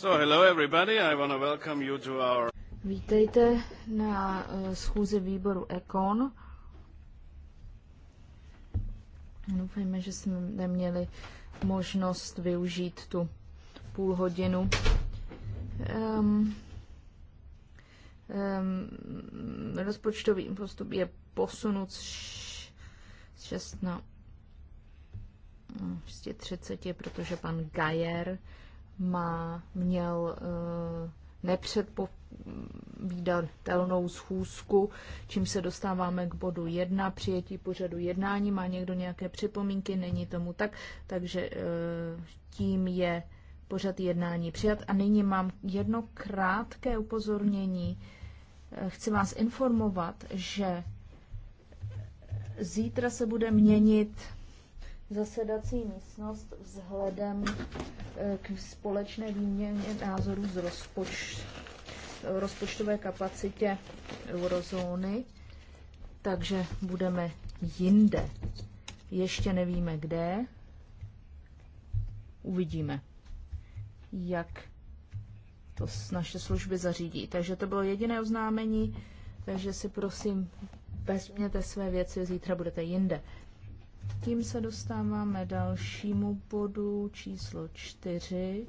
So, hello everybody, I want to welcome you to our... Vítejte na uh, schůzi výboru Econ. Doufejme, že jsme neměli možnost využít tu půl hodinu. Um, um, rozpočtový postup je posunut z 6 na 630, no, protože pan Gajer má, měl eh, nepředpovídatelnou schůzku, čím se dostáváme k bodu 1, přijetí pořadu jednání. Má někdo nějaké připomínky? Není tomu tak, takže eh, tím je pořad jednání přijat. A nyní mám jedno krátké upozornění. Eh, chci vás informovat, že zítra se bude měnit zasedací místnost vzhledem e, k společné výměně názorů z rozpoč, rozpočtové kapacitě eurozóny, takže budeme jinde. Ještě nevíme kde. Uvidíme, jak to naše služby zařídí. Takže to bylo jediné oznámení, takže si prosím vezměte své věci, zítra budete jinde. Tím se dostáváme dalšímu bodu číslo čtyři.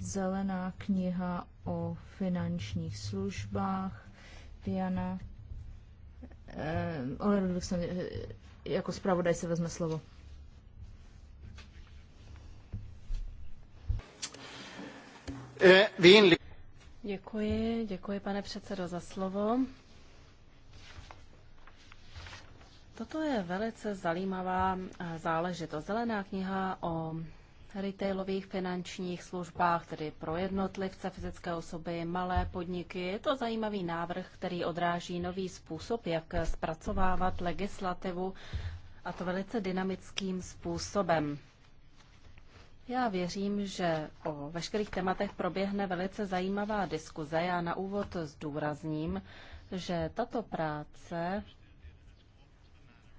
Zelená kniha o finančních službách. Diana, eh, ale jsem, eh, jako zpravodaj se vezme slovo. Eh, děkuji, děkuji pane předsedo za slovo. Toto je velice zajímavá eh, záležitost. Zelená kniha o retailových finančních službách, tedy pro jednotlivce, fyzické osoby, malé podniky. Je to zajímavý návrh, který odráží nový způsob, jak zpracovávat legislativu a to velice dynamickým způsobem. Já věřím, že o veškerých tématech proběhne velice zajímavá diskuze. Já na úvod zdůrazním, že tato práce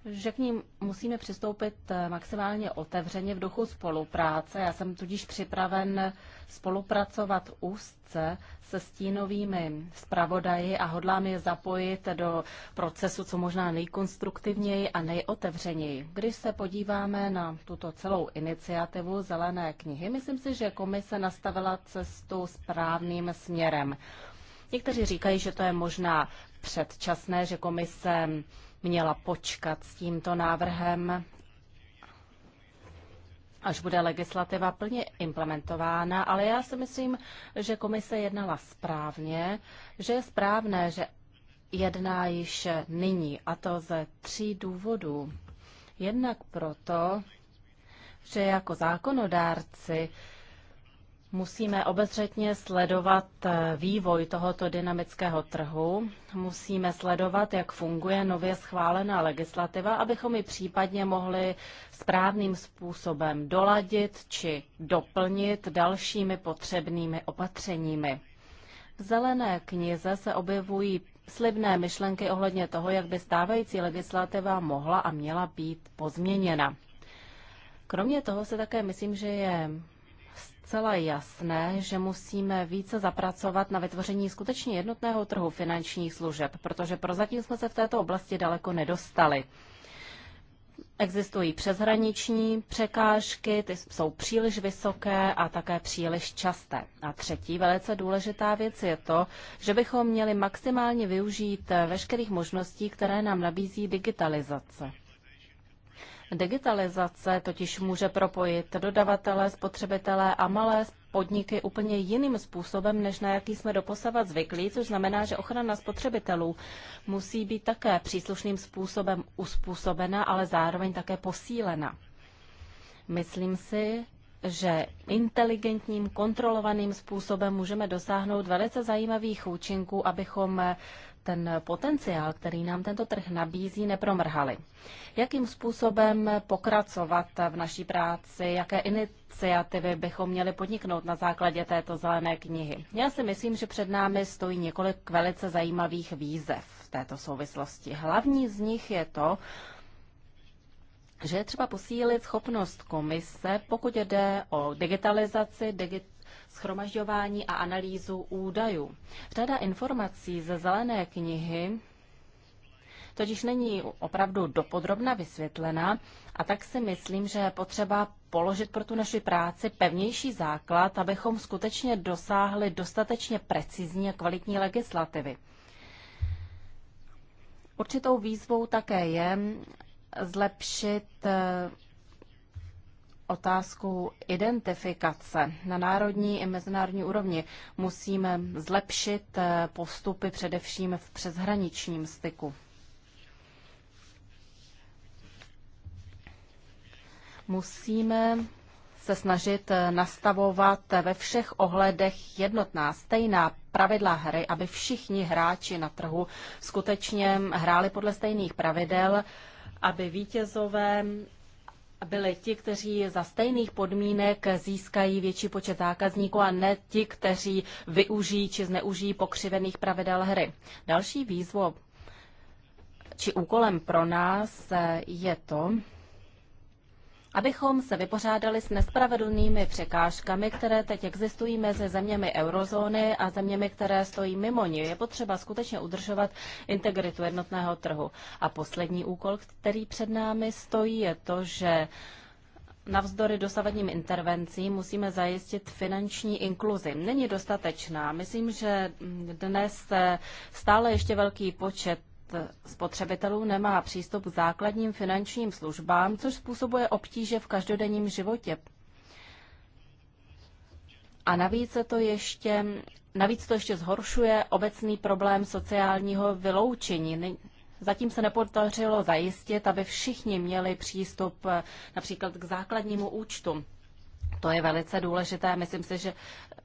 že k ním musíme přistoupit eh, maximálně otevřeně v duchu spolupráce. Já jsem tudíž připraven spolupracovat úzce se stínovými zpravodaji a hodlám je zapojit do procesu co možná nejkonstruktivněji a nejotevřeněji. Když se podíváme na tuto celou iniciativu Zelené knihy, myslím si, že komise nastavila cestu správným směrem. Někteří říkají, že to je možná předčasné, že komise měla počkat s tímto návrhem, až bude legislativa plně implementována, ale já si myslím, že komise jednala správně, že je správné, že jedná již nyní, a to ze tří důvodů. Jednak proto, že jako zákonodárci Musíme obezřetně sledovat eh, vývoj tohoto dynamického trhu, musíme sledovat, jak funguje nově schválená legislativa, abychom ji případně mohli správným způsobem doladit či doplnit dalšími potřebnými opatřeními. V zelené knize se objevují slibné myšlenky ohledně toho, jak by stávající legislativa mohla a měla být pozměněna. Kromě toho se také myslím, že je zcela jasné, že musíme více zapracovat na vytvoření skutečně jednotného trhu finančních služeb, protože prozatím jsme se v této oblasti daleko nedostali. Existují přeshraniční překážky, ty jsou příliš vysoké a také příliš časté. A třetí velice důležitá věc je to, že bychom měli maximálně využít veškerých možností, které nám nabízí digitalizace. Digitalizace totiž může propojit dodavatele, spotřebitele a malé podniky úplně jiným způsobem, než na jaký jsme doposavat zvyklí, což znamená, že ochrana spotřebitelů musí být také příslušným způsobem uspůsobena, ale zároveň také posílena. Myslím si, že inteligentním, kontrolovaným způsobem můžeme dosáhnout velice zajímavých účinků, abychom ten potenciál, který nám tento trh nabízí, nepromrhali. Jakým způsobem pokracovat v naší práci, jaké iniciativy bychom měli podniknout na základě této zelené knihy? Já si myslím, že před námi stojí několik velice zajímavých výzev v této souvislosti. Hlavní z nich je to, že je třeba posílit schopnost komise, pokud jde o digitalizaci, digitalizaci schromažďování a analýzu údajů. Řada informací ze zelené knihy totiž není opravdu dopodrobna vysvětlena a tak si myslím, že je potřeba položit pro tu naši práci pevnější základ, abychom skutečně dosáhli dostatečně precizní a kvalitní legislativy. Určitou výzvou také je zlepšit eh, otázkou identifikace na národní i mezinárodní úrovni. Musíme zlepšit eh, postupy především v přeshraničním styku. Musíme se snažit eh, nastavovat ve všech ohledech jednotná, stejná pravidla hry, aby všichni hráči na trhu skutečně hráli podle stejných pravidel, aby vítězové byli ti, kteří za stejných podmínek získají větší počet zákazníků a ne ti, kteří využijí či zneužijí pokřivených pravidel hry. Další výzvou či úkolem pro nás je to, abychom se vypořádali s nespravedlnými překážkami, které teď existují mezi zeměmi eurozóny a zeměmi, které stojí mimo ní. Je potřeba skutečně udržovat integritu jednotného trhu. A poslední úkol, který před námi stojí, je to, že Navzdory dosavadním intervencím musíme zajistit finanční inkluzi. Není dostatečná. Myslím, že dnes stále ještě velký počet spotřebitelů nemá přístup k základním finančním službám, což způsobuje obtíže v každodenním životě. A navíc to ještě, navíc to ještě zhoršuje obecný problém sociálního vyloučení. Zatím se nepodařilo zajistit, aby všichni měli přístup eh, například k základnímu účtu. To je velice důležité. Myslím si, že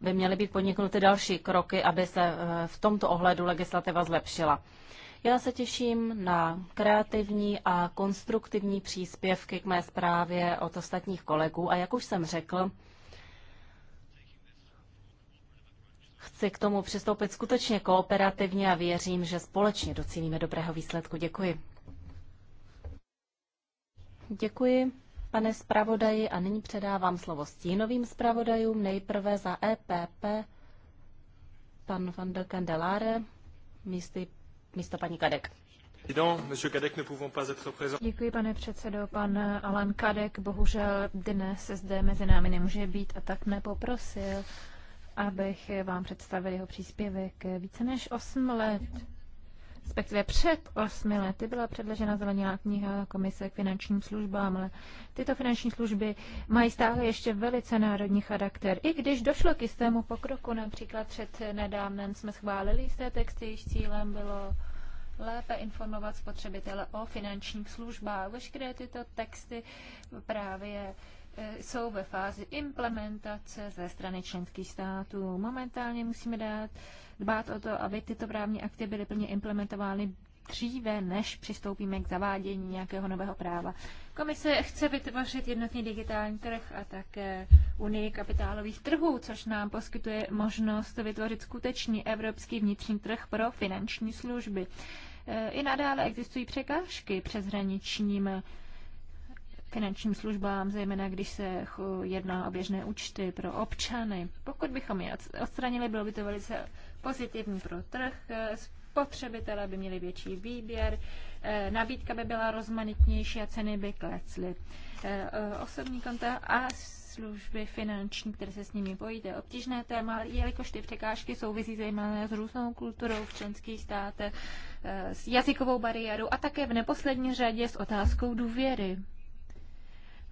by měly být podniknuty další kroky, aby se eh, v tomto ohledu legislativa zlepšila. Já se těším na kreativní a konstruktivní příspěvky k mé zprávě od ostatních kolegů a jak už jsem řekl, chci k tomu přistoupit skutečně kooperativně a věřím, že společně docílíme dobrého výsledku. Děkuji. Děkuji, pane zpravodaji, a nyní předávám slovo stínovým zpravodajům, nejprve za EPP, pan van der Kandelare, místy místo paní Kadek. Děkuji, pane předsedo. Pan Alan Kadek bohužel dnes zde mezi námi nemůže být a tak mě poprosil, abych vám představil jeho příspěvek více než 8 let respektive před osmi lety byla předložena zelená kniha Komise k finančním službám, ale tyto finanční služby mají stále ještě velice národní charakter. I když došlo k jistému pokroku, například před nedávnem jsme schválili jisté texty, jejich cílem bylo lépe informovat spotřebitele o finančních službách. Veškeré tyto texty právě jsou ve fázi implementace ze strany členských států. Momentálně musíme dát, dbát o to, aby tyto právní akty byly plně implementovány dříve, než přistoupíme k zavádění nějakého nového práva. Komise chce vytvořit jednotný digitální trh a také unii kapitálových trhů, což nám poskytuje možnost vytvořit skutečný evropský vnitřní trh pro finanční služby. E, I nadále existují překážky přeshraničním finančním službám, zejména když se jedná o běžné účty pro občany. Pokud bychom je odstranili, bylo by to velice pozitivní pro trh, eh, spotřebitelé by měli větší výběr, eh, nabídka by byla rozmanitnější a ceny by klesly. Eh, osobní konta a služby finanční, které se s nimi pojí, to je obtížné téma, jelikož ty překážky souvisí zejména s různou kulturou v členských státech, s jazykovou bariérou a také v neposlední řadě s otázkou důvěry.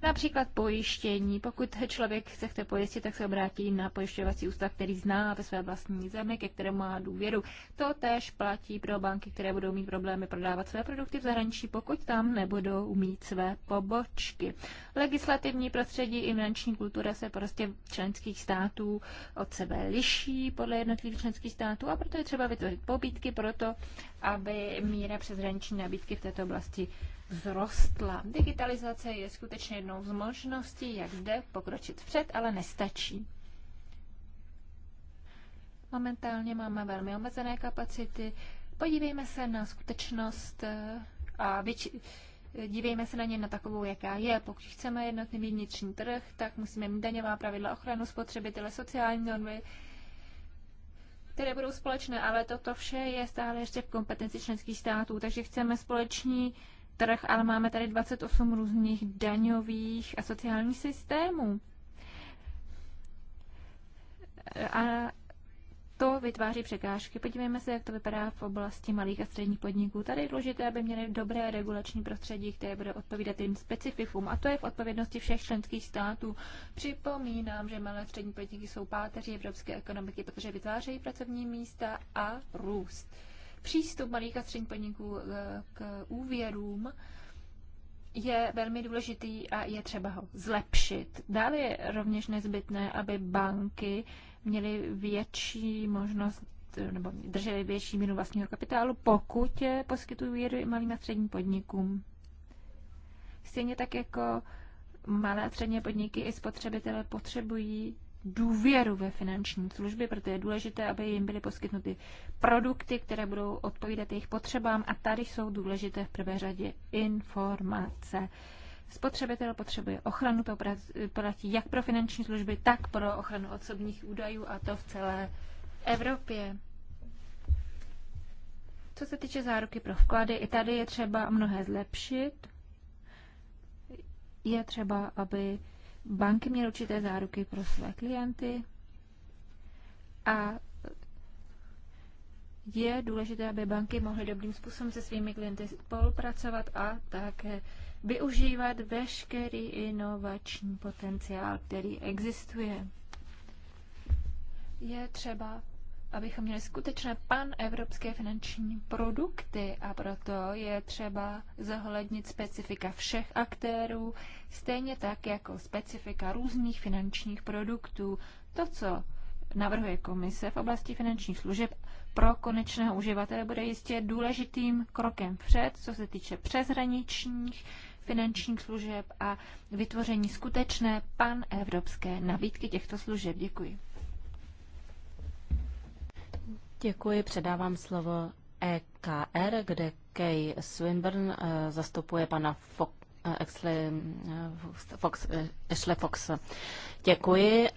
Například pojištění. Pokud člověk se chce pojistit, tak se obrátí na pojišťovací ústav, který zná ve své vlastní zemi, ke kterému má důvěru. To též platí pro banky, které budou mít problémy prodávat své produkty v zahraničí, pokud tam nebudou mít své pobočky. Legislativní prostředí i finanční kultura se prostě členských států od sebe liší podle jednotlivých členských států a proto je třeba vytvořit pobítky pro to, aby míra přeshraniční nabídky v této oblasti vzrostla. Digitalizace je skutečně jednou z možností, jak jde pokročit vpřed, ale nestačí. Momentálně máme velmi omezené kapacity. Podívejme se na skutečnost eh, a větši... dívejme se na ně na takovou, jaká je. Pokud chceme jednotný vnitřní trh, tak musíme mít daňová pravidla, ochranu spotřebitele, sociální normy, které budou společné, ale toto vše je stále ještě v kompetenci členských států, takže chceme společní trh, ale máme tady 28 různých daňových a sociálních systémů. A to vytváří překážky. Podívejme se, jak to vypadá v oblasti malých a středních podniků. Tady je důležité, aby měli dobré regulační prostředí, které bude odpovídat jim specifikům. A to je v odpovědnosti všech členských států. Připomínám, že malé a střední podniky jsou páteří evropské ekonomiky, protože vytvářejí pracovní místa a růst přístup malých a středních podniků eh, k úvěrům je velmi důležitý a je třeba ho zlepšit. Dále je rovněž nezbytné, aby banky měly větší možnost eh, nebo drželi větší míru vlastního kapitálu, pokud je poskytují úvěry malým a středním podnikům. Stejně tak jako malé a střední podniky i spotřebitelé potřebují důvěru ve finanční služby, proto je důležité, aby jim byly poskytnuty produkty, které budou odpovídat jejich potřebám a tady jsou důležité v prvé řadě informace. Spotřebitel potřebuje ochranu, to platí jak pro finanční služby, tak pro ochranu osobních údajů a to v celé Evropě. Co se týče záruky pro vklady, i tady je třeba mnohé zlepšit. Je třeba, aby banky měly určité záruky pro své klienty a je důležité, aby banky mohly dobrým způsobem se svými klienty spolupracovat a také využívat veškerý inovační potenciál, který existuje. Je třeba abychom měli skutečné evropské finanční produkty a proto je třeba zohlednit specifika všech aktérů, stejně tak jako specifika různých finančních produktů. To, co navrhuje komise v oblasti finančních služeb pro konečného uživatele, bude jistě důležitým krokem před, co se týče přeshraničních finančních služeb a vytvoření skutečné panevropské nabídky těchto služeb. Děkuji. Děkuji, předávám slovo EKR, kde Kay Swinburne eh, zastupuje pana Fok, eh, Exley, eh, Fox, Ashley Fox. Děkuji.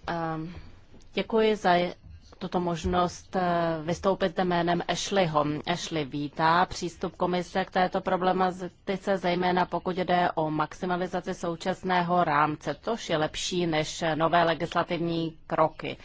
Děkuji za tuto možnost vystoupit jménem Ashleyho. Ashley vítá přístup komise k této problematice, zejména pokud jde o maximalizaci současného rámce, což je lepší než nové legislativní kroky.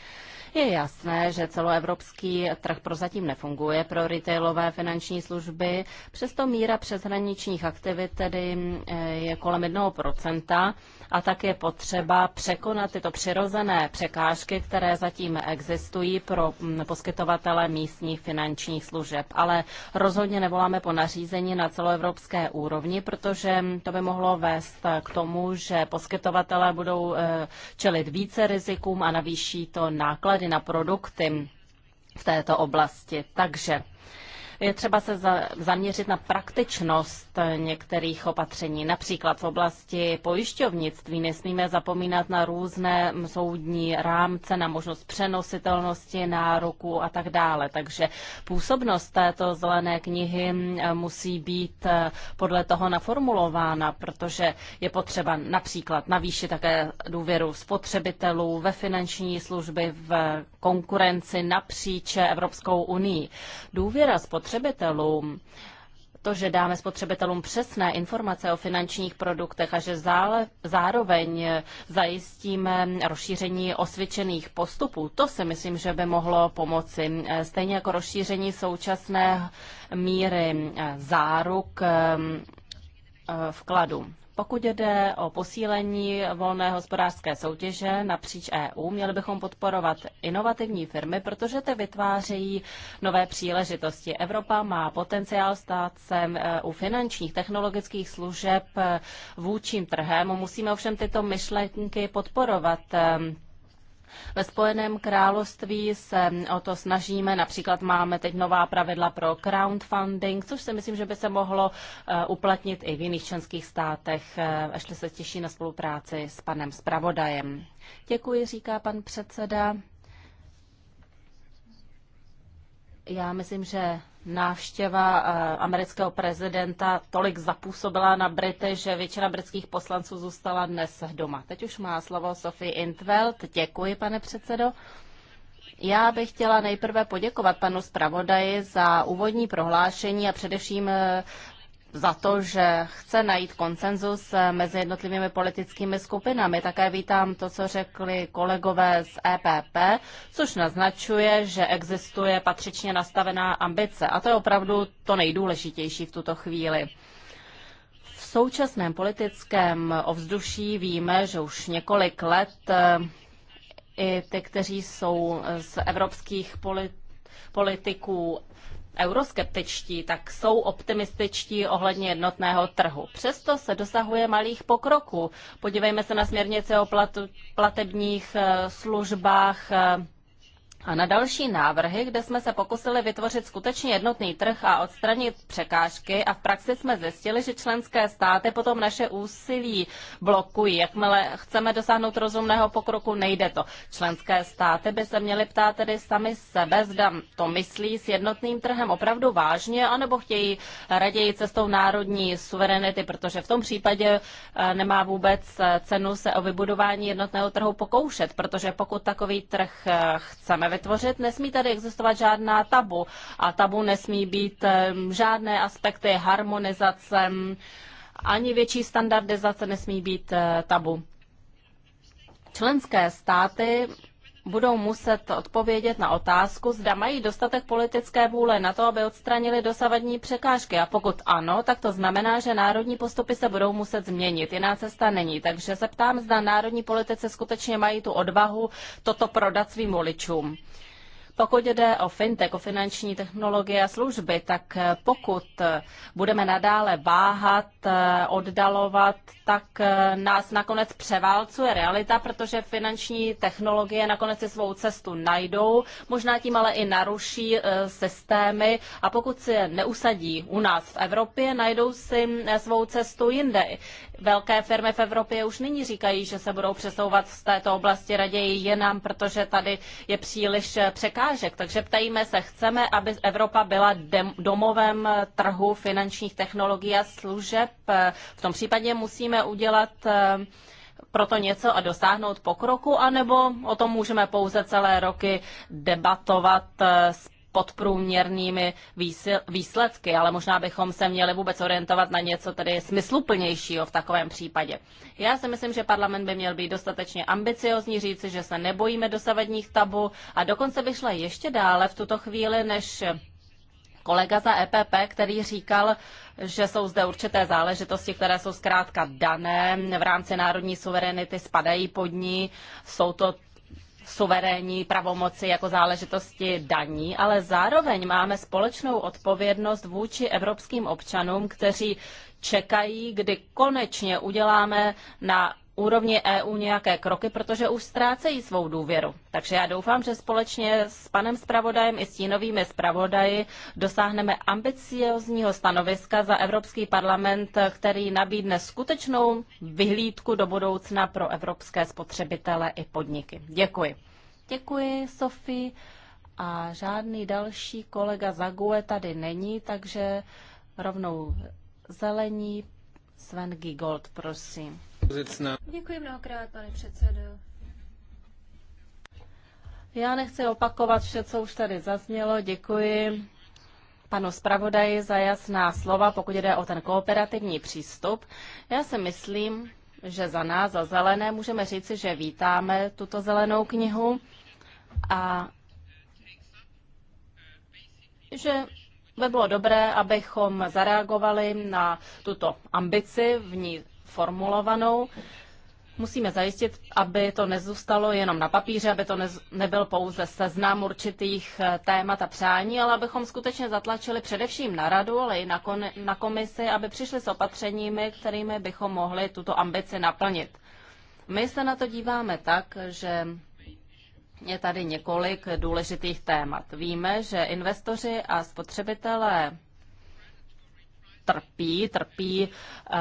Je jasné, že celoevropský trh prozatím nefunguje pro retailové finanční služby, přesto míra přeshraničních aktivit tedy eh, je kolem 1% a tak je potřeba překonat tyto přirozené překážky, které zatím existují pro mm, poskytovatele místních finančních služeb. Ale rozhodně nevoláme po nařízení na celoevropské úrovni, protože to by mohlo vést k tomu, že poskytovatelé budou eh, čelit více rizikům a navýší to náklady na produkty v této oblasti. Takže je třeba se za, zaměřit na praktičnost některých opatření. Například v oblasti pojišťovnictví nesmíme zapomínat na různé soudní rámce, na možnost přenositelnosti nároku a tak dále. Takže působnost této zelené knihy eh, musí být eh, podle toho naformulována, protože je potřeba například navýšit také důvěru spotřebitelů ve finanční služby, v konkurenci napříč Evropskou unii. Důvěra spotřebitelů spotřebitelům. To, že dáme spotřebitelům přesné informace o finančních produktech a že zároveň zajistíme rozšíření osvědčených postupů, to si myslím, že by mohlo pomoci. Stejně jako rozšíření současné míry záruk eh, vkladu. Pokud jde o posílení volné hospodářské soutěže napříč EU, měli bychom podporovat inovativní firmy, protože ty vytvářejí nové příležitosti. Evropa má potenciál stát se e, u finančních technologických služeb e, vůčím trhem. Musíme ovšem tyto myšlenky podporovat. E, ve Spojeném království se o to snažíme, například máme teď nová pravidla pro crowdfunding, což si myslím, že by se mohlo eh, uplatnit i v jiných členských státech. Eh, až se těší na spolupráci s panem zpravodajem. Děkuji, říká pan předseda. Já myslím, že návštěva eh, amerického prezidenta tolik zapůsobila na Brity, že většina britských poslanců zůstala dnes doma. Teď už má slovo Sophie Intveld. Děkuji, pane předsedo. Já bych chtěla nejprve poděkovat panu zpravodaji za úvodní prohlášení a především eh, za to, že chce najít konsenzus eh, mezi jednotlivými politickými skupinami. Také vítám to, co řekli kolegové z EPP, což naznačuje, že existuje patřičně nastavená ambice. A to je opravdu to nejdůležitější v tuto chvíli. V současném politickém ovzduší víme, že už několik let eh, i ty, kteří jsou z evropských politiků euroskeptičtí, tak jsou optimističtí ohledně jednotného trhu. Přesto se dosahuje malých pokroků. Podívejme se na směrnice o platebních eh, službách eh, a na další návrhy, kde jsme se pokusili vytvořit skutečně jednotný trh a odstranit překážky a v praxi jsme zjistili, že členské státy potom naše úsilí blokují. Jakmile chceme dosáhnout rozumného pokroku, nejde to. Členské státy by se měly ptát tedy sami sebe, zda to myslí s jednotným trhem opravdu vážně, anebo chtějí raději cestou národní suverenity, protože v tom případě eh, nemá vůbec eh, cenu se o vybudování jednotného trhu pokoušet, protože pokud takový trh eh, chceme vytvořit, nesmí tady existovat žádná tabu. A tabu nesmí být žádné aspekty harmonizace, ani větší standardizace nesmí být eh, tabu. Členské státy budou muset odpovědět na otázku, zda mají dostatek politické vůle na to, aby odstranili dosavadní překážky. A pokud ano, tak to znamená, že národní postupy se budou muset změnit. Jiná cesta není. Takže se ptám, zda národní politice skutečně mají tu odvahu toto prodat svým voličům. Pokud jde o fintech, o finanční technologie a služby, tak eh, pokud eh, budeme nadále váhat, eh, oddalovat, tak nás nakonec převálcuje realita, protože finanční technologie nakonec si svou cestu najdou, možná tím ale i naruší systémy a pokud si je neusadí u nás v Evropě, najdou si svou cestu jinde. Velké firmy v Evropě už nyní říkají, že se budou přesouvat z této oblasti raději jinam, protože tady je příliš eh, překážek. Takže ptejme se, chceme, aby Evropa byla domovem eh, trhu finančních technologií a služeb. Eh, v tom případě musíme udělat proto něco a dosáhnout pokroku, anebo o tom můžeme pouze celé roky debatovat s podprůměrnými výsledky, ale možná bychom se měli vůbec orientovat na něco tedy smysluplnějšího v takovém případě. Já si myslím, že parlament by měl být dostatečně ambiciozní, říci, že se nebojíme dosavadních tabu a dokonce by šla ještě dále v tuto chvíli, než kolega za EPP, který říkal, že jsou zde určité záležitosti, které jsou zkrátka dané v rámci národní suverenity, spadají pod ní, jsou to suverénní pravomoci jako záležitosti daní, ale zároveň máme společnou odpovědnost vůči evropským občanům, kteří čekají, kdy konečně uděláme na úrovni EU nějaké kroky, protože už ztrácejí svou důvěru. Takže já doufám, že společně s panem zpravodajem i stínovými zpravodaji dosáhneme ambiciozního stanoviska za Evropský parlament, který nabídne skutečnou vyhlídku do budoucna pro evropské spotřebitele i podniky. Děkuji. Děkuji, Sofie. A žádný další kolega Zague tady není, takže rovnou zelení. Sven Gigold, prosím. Děkuji mnohokrát, pane předsedo. Já nechci opakovat vše, co už tady zaznělo. Děkuji panu zpravodaji za jasná slova, pokud jde o ten kooperativní přístup. Já si myslím, že za nás, za zelené, můžeme říci, že vítáme tuto zelenou knihu a že by bylo dobré, abychom zareagovali na tuto ambici, v ní formulovanou. Musíme zajistit, aby to nezůstalo jenom na papíře, aby to nebyl pouze seznam určitých eh, témat a přání, ale abychom skutečně zatlačili především na radu, ale i na, komisi, aby přišli s opatřeními, kterými bychom mohli tuto ambici naplnit. My se na to díváme tak, že je tady několik důležitých témat. Víme, že investoři a spotřebitelé trpí, trpí uh,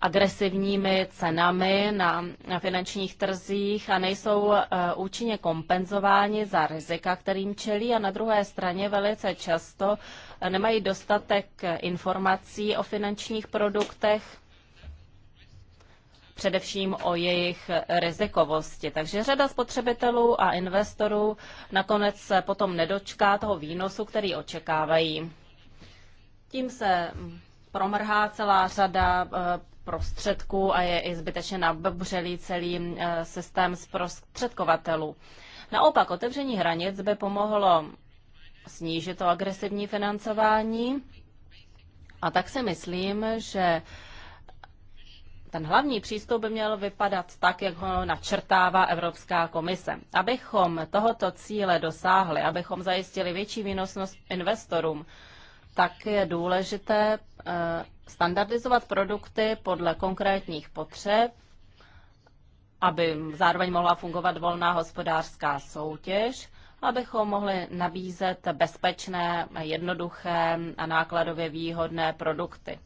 agresivními cenami na, finančních trzích a nejsou eh, účinně kompenzováni za rizika, kterým čelí a na druhé straně velice často eh, nemají dostatek eh, informací o finančních produktech, především o jejich rizikovosti. Takže řada spotřebitelů a investorů nakonec se potom nedočká toho výnosu, který očekávají. Tím se mm, promrhá celá řada prostředků a je i zbytečně nabobřelý celý eh, systém zprostředkovatelů. Naopak otevření hranic by pomohlo snížit to agresivní financování a tak si myslím, že ten hlavní přístup by měl vypadat tak, jak ho načrtává Evropská komise. Abychom tohoto cíle dosáhli, abychom zajistili větší výnosnost investorům, tak je důležité eh, standardizovat produkty podle konkrétních potřeb, aby zároveň mohla fungovat volná hospodářská soutěž, abychom mohli nabízet bezpečné, jednoduché a nákladově výhodné produkty.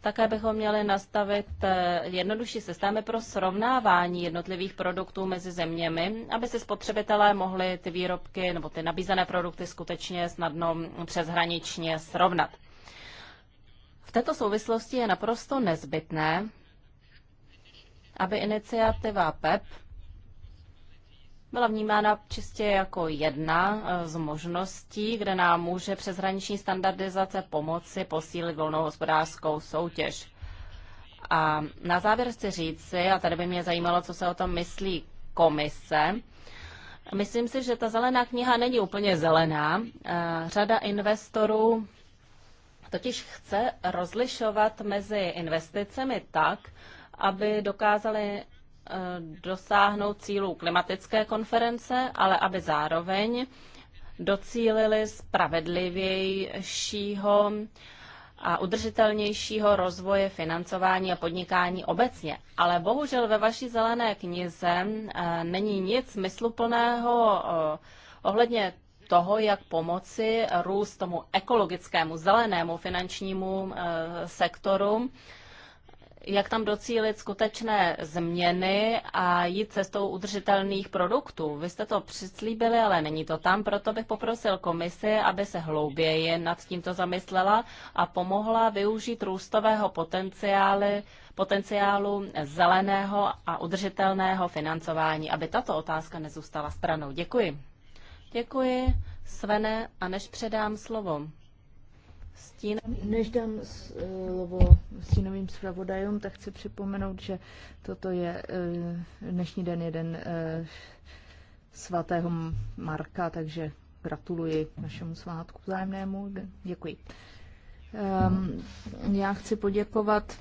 Také bychom měli nastavit eh, jednodušší systémy pro srovnávání jednotlivých produktů mezi zeměmi, aby si spotřebitelé mohli ty výrobky nebo ty nabízené produkty skutečně snadno přeshraničně srovnat této souvislosti je naprosto nezbytné, aby iniciativa PEP e byla vnímána čistě jako jedna eh, z možností, kde nám může přeshraniční standardizace pomoci posílit volnou hospodářskou soutěž. A na závěr chci říci, a tady by mě zajímalo, co se o tom myslí komise, Myslím si, že ta zelená kniha není úplně zelená. Eh, řada investorů totiž chce rozlišovat mezi investicemi tak, aby dokázali eh, dosáhnout cílů klimatické konference, ale aby zároveň docílili spravedlivějšího a udržitelnějšího rozvoje financování a podnikání obecně. Ale bohužel ve vaší zelené knize eh, není nic smysluplného eh, ohledně toho, jak pomoci růst tomu ekologickému, zelenému finančnímu eh, sektoru, jak tam docílit skutečné změny a jít cestou udržitelných produktů. Vy jste to přislíbili, ale není to tam, proto bych poprosil komisi, aby se hlouběji nad tímto zamyslela a pomohla využít růstového potenciály, potenciálu zeleného a udržitelného financování, aby tato otázka nezůstala stranou. Děkuji. Děkuji, Svene, a než předám slovo Stín... Než dám slovo stínovým zpravodajům, tak chci připomenout, že toto je eh, dnešní den jeden eh, svatého Marka, takže gratuluji našemu svátku vzájemnému. Děkuji. Ehm, já chci poděkovat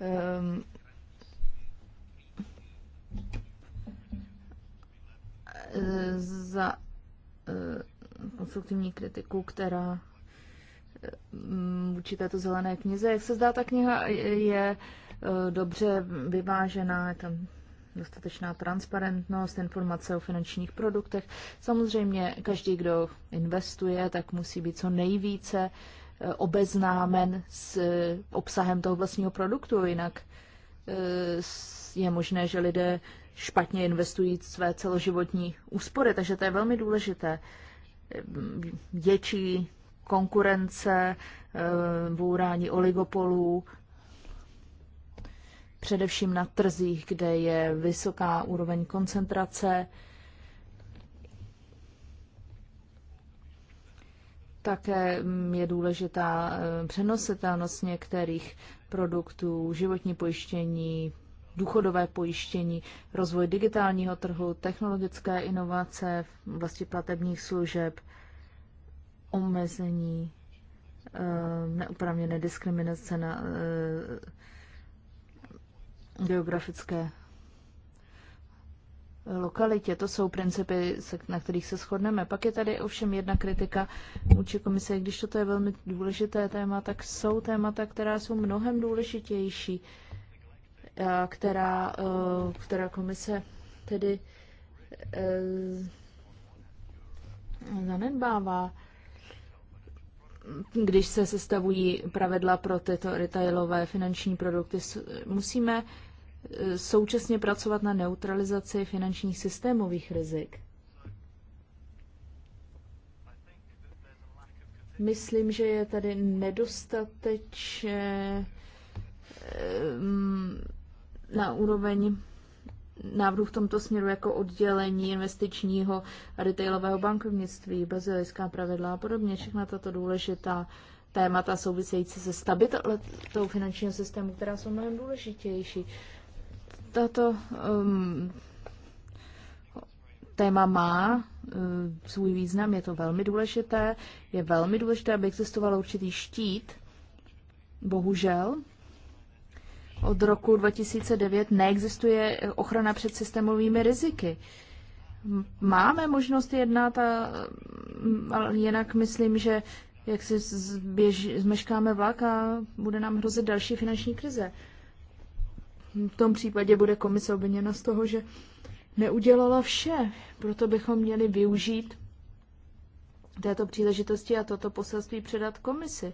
ehm, Eh, za eh, konstruktivní kritiku, která eh, vůči této zelené knize. Jak se zdá, ta kniha je dobře vyvážená, je tam dostatečná transparentnost, informace o finančních produktech. Samozřejmě každý, kdo investuje, tak musí být co nejvíce obeznámen s obsahem toho vlastního produktu, jinak je možné, že lidé špatně investují své celoživotní úspory, takže to je velmi důležité. Větší konkurence, eh, bourání oligopolů, především na trzích, kde je vysoká úroveň koncentrace. Také mm, je důležitá eh, přenositelnost některých produktů, životní pojištění, důchodové pojištění, rozvoj digitálního trhu, technologické inovace v oblasti platebních služeb, omezení eh, neupravněné diskriminace na eh, geografické lokalitě. To jsou principy, na kterých se shodneme. Pak je tady ovšem jedna kritika vůči komise. Když toto je velmi důležité téma, tak jsou témata, která jsou mnohem důležitější Eh, která, eh, která komise tedy eh, zanedbává, když se sestavují pravidla pro tyto retailové finanční produkty. Musíme současně pracovat na neutralizaci finančních systémových rizik. Myslím, že je tady nedostatečně na úroveň návrhu v tomto směru jako oddělení investičního a retailového bankovnictví, bazilická pravidla a podobně, všechna tato důležitá témata související se stabilitou finančního systému, která jsou mnohem důležitější. Tato um, téma má um, svůj význam, je to velmi důležité. Je velmi důležité, aby existoval určitý štít, bohužel, od roku 2009 neexistuje ochrana před systémovými riziky. Máme možnost jednat, a, ale jinak myslím, že jak si zběž, zmeškáme vlak a bude nám hrozit další finanční krize. V tom případě bude komise obviněna z toho, že neudělala vše. Proto bychom měli využít této příležitosti a toto poselství předat komisi.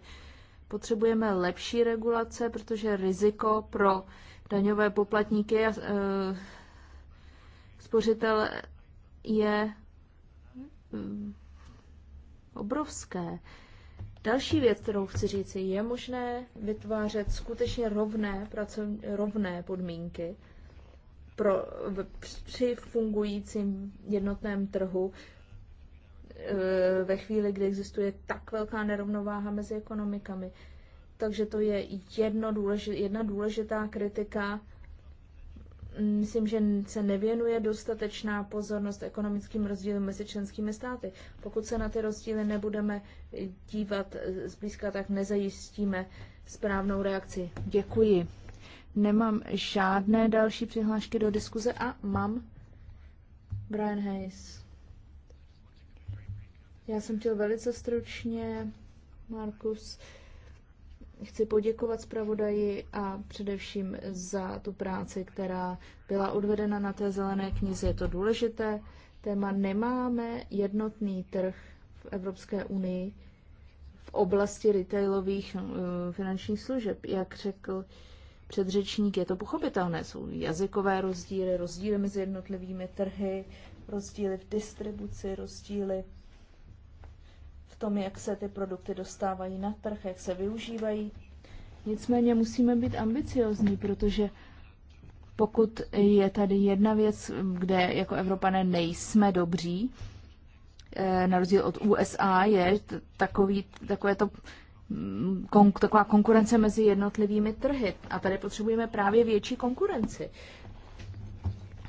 Potřebujeme lepší regulace, protože riziko pro daňové poplatníky a e, spořitel je e, obrovské. Další věc, kterou chci říct, je možné vytvářet skutečně rovné, pracovní, rovné podmínky pro, při fungujícím jednotném trhu Eh, ve chvíli, kdy existuje tak velká nerovnováha mezi ekonomikami. Takže to je jedno důležit, jedna důležitá kritika. Myslím, že se nevěnuje dostatečná pozornost ekonomickým rozdílům mezi členskými státy. Pokud se na ty rozdíly nebudeme dívat eh, zblízka, tak nezajistíme správnou reakci. Děkuji. Nemám žádné další přihlášky do diskuze a mám Brian Hayes. Já jsem chtěl velice stručně, Markus, chci poděkovat zpravodaji a především za tu práci, která byla odvedena na té zelené knize. Je to důležité téma. Nemáme jednotný trh v Evropské unii v oblasti retailových eh, finančních služeb. Jak řekl předřečník, je to pochopitelné. Jsou jazykové rozdíly, rozdíly mezi jednotlivými trhy, rozdíly v distribuci, rozdíly tom, jak se ty produkty dostávají na trh, jak se využívají. Nicméně musíme být ambiciozní, protože pokud je tady jedna věc, kde jako Evropané nejsme dobří, eh, na rozdíl od USA, je takový, takové to, mm, kon, taková konkurence mezi jednotlivými trhy. A tady potřebujeme právě větší konkurenci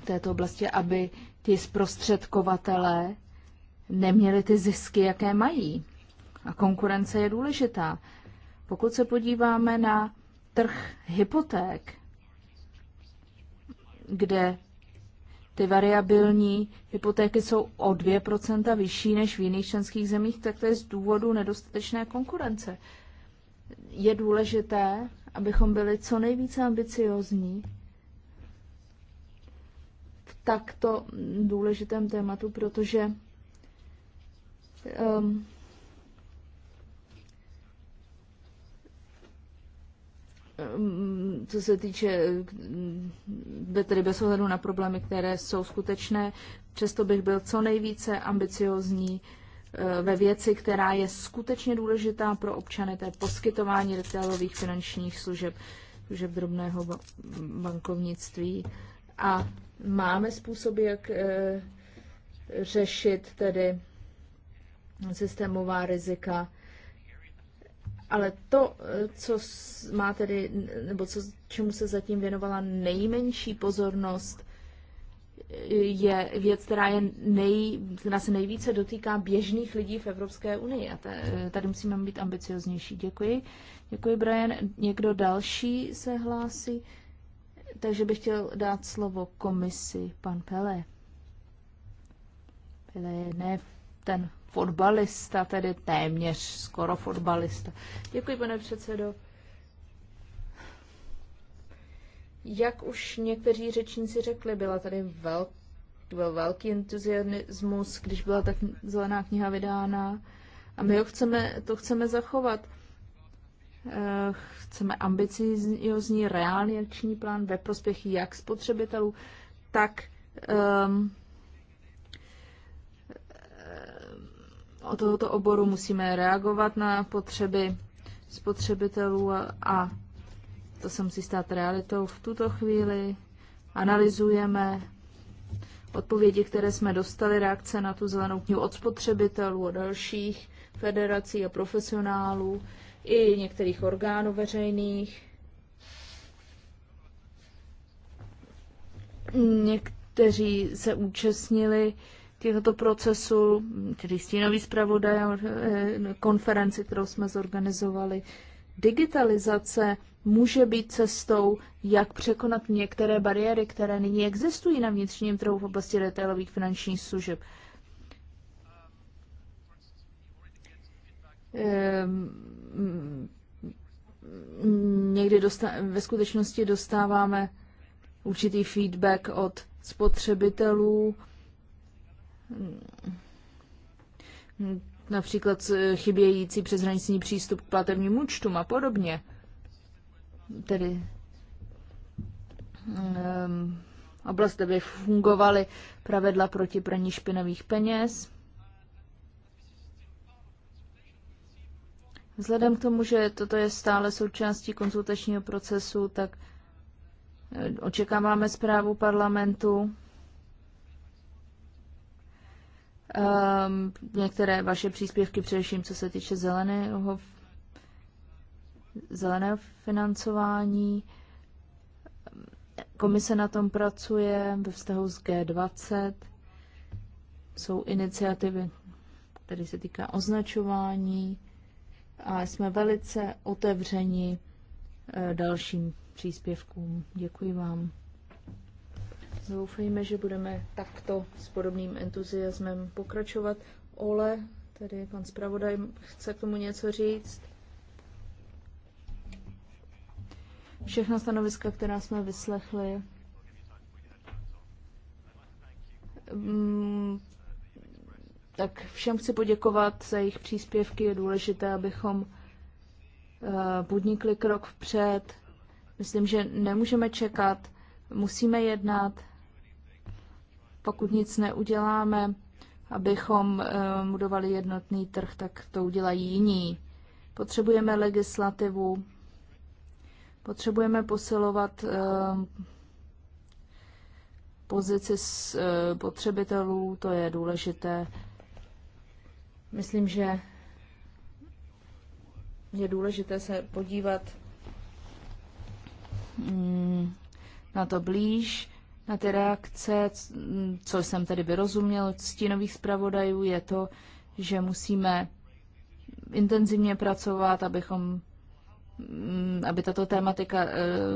v této oblasti, aby ti zprostředkovatelé neměly ty zisky, jaké mají. A konkurence je důležitá. Pokud se podíváme na trh hypoték, kde ty variabilní hypotéky jsou o 2% vyšší než v jiných členských zemích, tak to je z důvodu nedostatečné konkurence. Je důležité, abychom byli co nejvíce ambiciozní v takto důležitém tématu, protože Um, um, co se týče, tedy bez ohledu na problémy, které jsou skutečné, přesto bych byl co nejvíce ambiciozní uh, ve věci, která je skutečně důležitá pro občany, to je poskytování retailových finančních služeb, služeb drobného bankovnictví. A máme způsoby, jak eh, řešit tedy systémová rizika. Ale to, co má tedy, nebo co, čemu se zatím věnovala nejmenší pozornost, je věc, která, je nej, která se nejvíce dotýká běžných lidí v Evropské unii. A tady musíme být ambicioznější. Děkuji. Děkuji, Brian. Někdo další se hlásí? Takže bych chtěl dát slovo komisi, pan Pele. Pele, ne ten fotbalista, tedy téměř skoro fotbalista. Děkuji, pane předsedo. Jak už někteří řečníci řekli, byla tady velk, byl velký entuziasmus, když byla tak zelená kniha vydána. A my ho chceme, to chceme zachovat. Eh, chceme ambiciozní reálný akční plán ve prospěch jak spotřebitelů, tak um, o tohoto oboru musíme reagovat na potřeby spotřebitelů a to se musí stát realitou v tuto chvíli. Analyzujeme odpovědi, které jsme dostali, reakce na tu zelenou knihu od spotřebitelů, od dalších federací a profesionálů, i některých orgánů veřejných. Někteří se účastnili těchto procesů, tedy stínový zpravodaj eh, konferenci, kterou jsme zorganizovali. Digitalizace může být cestou, jak překonat některé bariéry, které nyní existují na vnitřním trhu v oblasti retailových finančních služeb. Ehm, někdy dosta- ve skutečnosti dostáváme určitý feedback od spotřebitelů, například chybějící přeshraniční přístup k platebním účtům a podobně. Tedy um, oblast, kde by fungovaly pravidla proti praní špinavých peněz. Vzhledem k tomu, že toto je stále součástí konzultačního procesu, tak eh, očekáváme zprávu parlamentu um, některé vaše příspěvky, především co se týče zeleného, zeleného financování. Komise na tom pracuje ve vztahu s G20. Jsou iniciativy, které se týká označování a jsme velice otevřeni eh, dalším příspěvkům. Děkuji vám. Doufejme, že budeme takto s podobným entuziasmem pokračovat. Ole, tady pan zpravodaj, chce k tomu něco říct? Všechna stanoviska, která jsme vyslechli, mm, tak všem chci poděkovat za jejich příspěvky. Je důležité, abychom eh, podnikli krok vpřed. Myslím, že nemůžeme čekat, musíme jednat pokud nic neuděláme, abychom eh, budovali jednotný trh, tak to udělají jiní. Potřebujeme legislativu, potřebujeme posilovat eh, pozici eh, potřebitelů, to je důležité. Myslím, že je důležité se podívat mm, na to blíž na ty reakce, co jsem tedy vyrozuměl od stínových zpravodajů, je to, že musíme intenzivně pracovat, abychom mm, aby tato tématika e,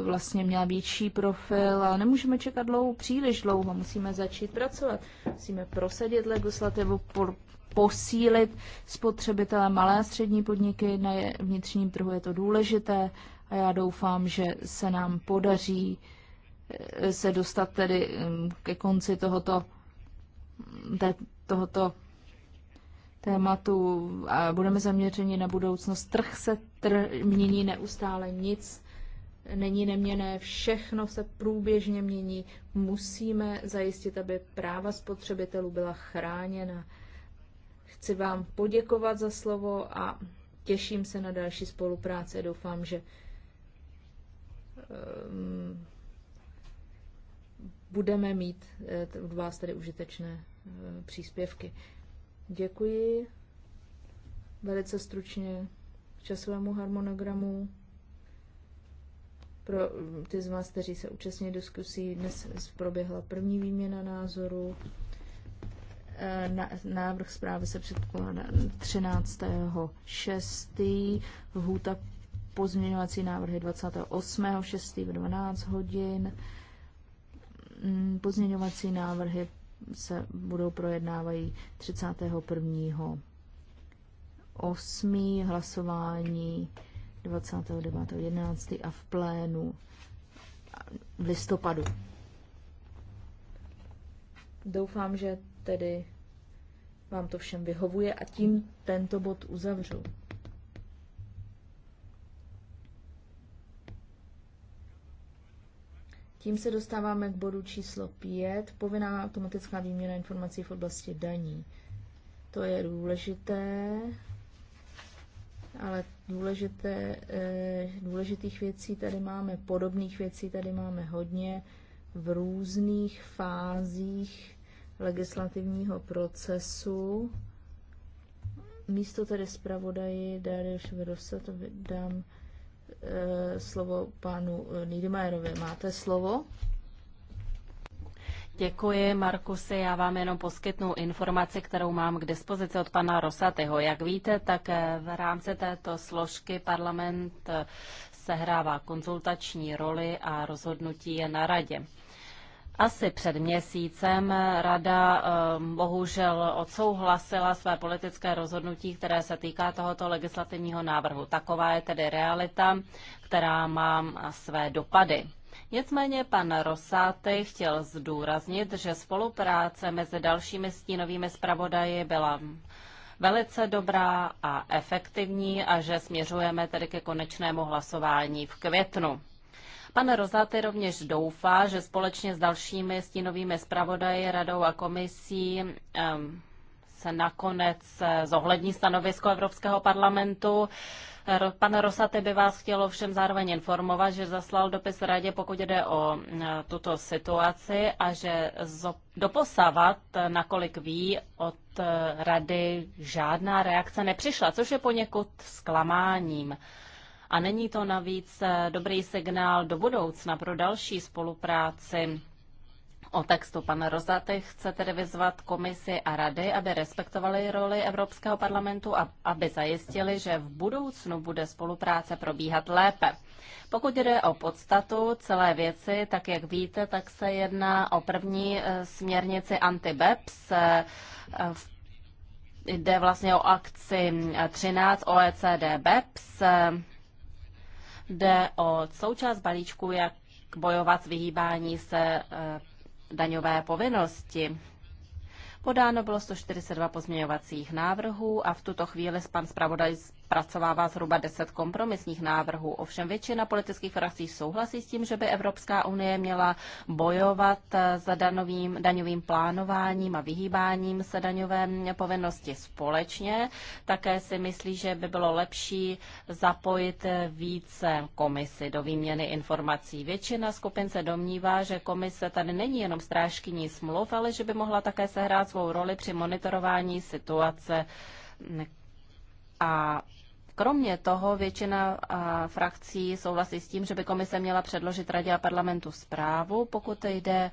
vlastně měla větší profil, ale nemůžeme čekat dlouho, příliš dlouho, musíme začít pracovat. Musíme prosadit legislativu, posílit spotřebitele, malé a střední podniky na vnitřním trhu, je to důležité a já doufám, že se nám podaří se dostat tedy mm, ke konci tohoto, té, tohoto tématu a budeme zaměřeni na budoucnost. Trh se tr- mění neustále, nic není neměné, všechno se průběžně mění. Musíme zajistit, aby práva spotřebitelů byla chráněna. Chci vám poděkovat za slovo a těším se na další spolupráci. Doufám, že um, budeme mít eh, od vás tedy užitečné eh, příspěvky. Děkuji velice stručně k časovému harmonogramu. Pro mm, ty z vás, kteří se účastní diskusí, dnes proběhla první výměna názoru. Eh, návrh zprávy se předkládá 13. 6. Lhůta pozměňovací návrhy 28. 6. v 12 hodin. Mm, pozměňovací návrhy se budou projednávají 31. 8. hlasování 29. 11. a v plénu v listopadu. Doufám, že tedy vám to všem vyhovuje a tím tento bod uzavřu. Tím se dostáváme k bodu číslo 5, povinná automatická výměna informací v oblasti daní. To je důležité, ale důležité, eh, důležitých věcí tady máme, podobných věcí tady máme hodně v různých fázích legislativního procesu. Místo tedy zpravodaji Darius Virosa to dám Eh, slovo panu eh, Niedemajerovi. Máte slovo? Děkuji, Markuse. Já vám jenom poskytnu informaci, kterou mám k dispozici od pana Rosatyho. Jak víte, tak eh, v rámci této složky parlament sehrává konzultační roli a rozhodnutí je na radě. Asi před měsícem rada eh, bohužel odsouhlasila své politické rozhodnutí, které se týká tohoto legislativního návrhu. Taková je tedy realita, která má své dopady. Nicméně pan Rosáty chtěl zdůraznit, že spolupráce mezi dalšími stínovými zpravodaji byla velice dobrá a efektivní a že směřujeme tedy ke konečnému hlasování v květnu. Pan Rozáte rovněž doufá, že společně s dalšími stínovými zpravodaji, radou a komisí se nakonec eh, zohlední stanovisko Evropského parlamentu. Pan Rosate by vás chtěl všem zároveň informovat, že zaslal dopis radě, pokud jde o eh, tuto situaci a že doposavat, eh, nakolik ví, od rady žádná reakce nepřišla, což je poněkud zklamáním. A není to navíc eh, dobrý signál do budoucna pro další spolupráci O textu pan Rozate chce tedy vyzvat komisi a rady, aby respektovali roli Evropského parlamentu a aby zajistili, že v budoucnu bude spolupráce probíhat lépe. Pokud jde o podstatu celé věci, tak jak víte, tak se jedná o první eh, směrnici anti-BEPS. Eh, jde vlastně o akci 13 OECD BEPS jde o součást balíčku, jak bojovat s vyhýbání se eh, daňové povinnosti. Podáno bylo 142 pozměňovacích návrhů a v tuto chvíli pan zpravodaj pracovává zhruba 10 kompromisních návrhů. Ovšem většina politických frakcí souhlasí s tím, že by Evropská unie měla bojovat eh, za danovým, daňovým plánováním a vyhýbáním se daňové povinnosti společně. Také si myslí, že by bylo lepší zapojit více komisy do výměny informací. Většina skupin se domnívá, že komise tady není jenom strážkyní smluv, ale že by mohla také sehrát svou roli při monitorování situace a Kromě toho většina frakcí souhlasí s tím, že by komise měla předložit radě a parlamentu zprávu, pokud jde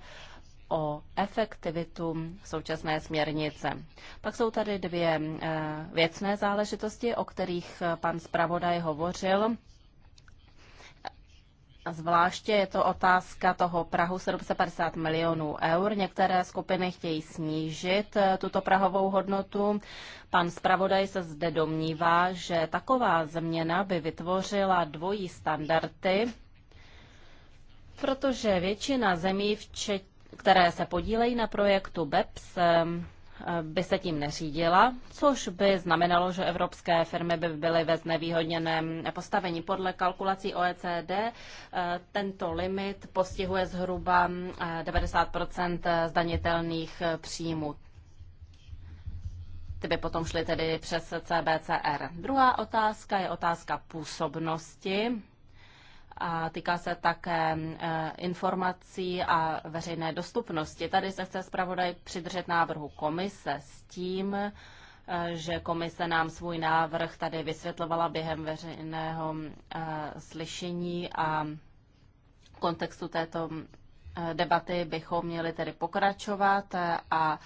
o efektivitu současné směrnice. Pak jsou tady dvě e, věcné záležitosti, o kterých pan zpravodaj hovořil. Zvláště je to otázka toho Prahu 750 milionů eur. Některé skupiny chtějí snížit eh, tuto prahovou hodnotu. Pan zpravodaj se zde domnívá, že taková změna by vytvořila dvojí standardy, protože většina zemí, včet, které se podílejí na projektu BEPS, eh, Eh, by se tím neřídila, což by znamenalo, že evropské firmy by byly ve znevýhodněném postavení. Podle kalkulací OECD eh, tento limit postihuje zhruba 90 eh, zdanitelných příjmů. Ty by potom šly tedy přes CBCR. Druhá otázka je otázka působnosti a týká se také eh, informací a veřejné dostupnosti. Tady se chce zpravodaj přidržet návrhu komise s tím, eh, že komise nám svůj návrh tady vysvětlovala během veřejného eh, slyšení a v kontextu této debaty bychom měli tedy pokračovat a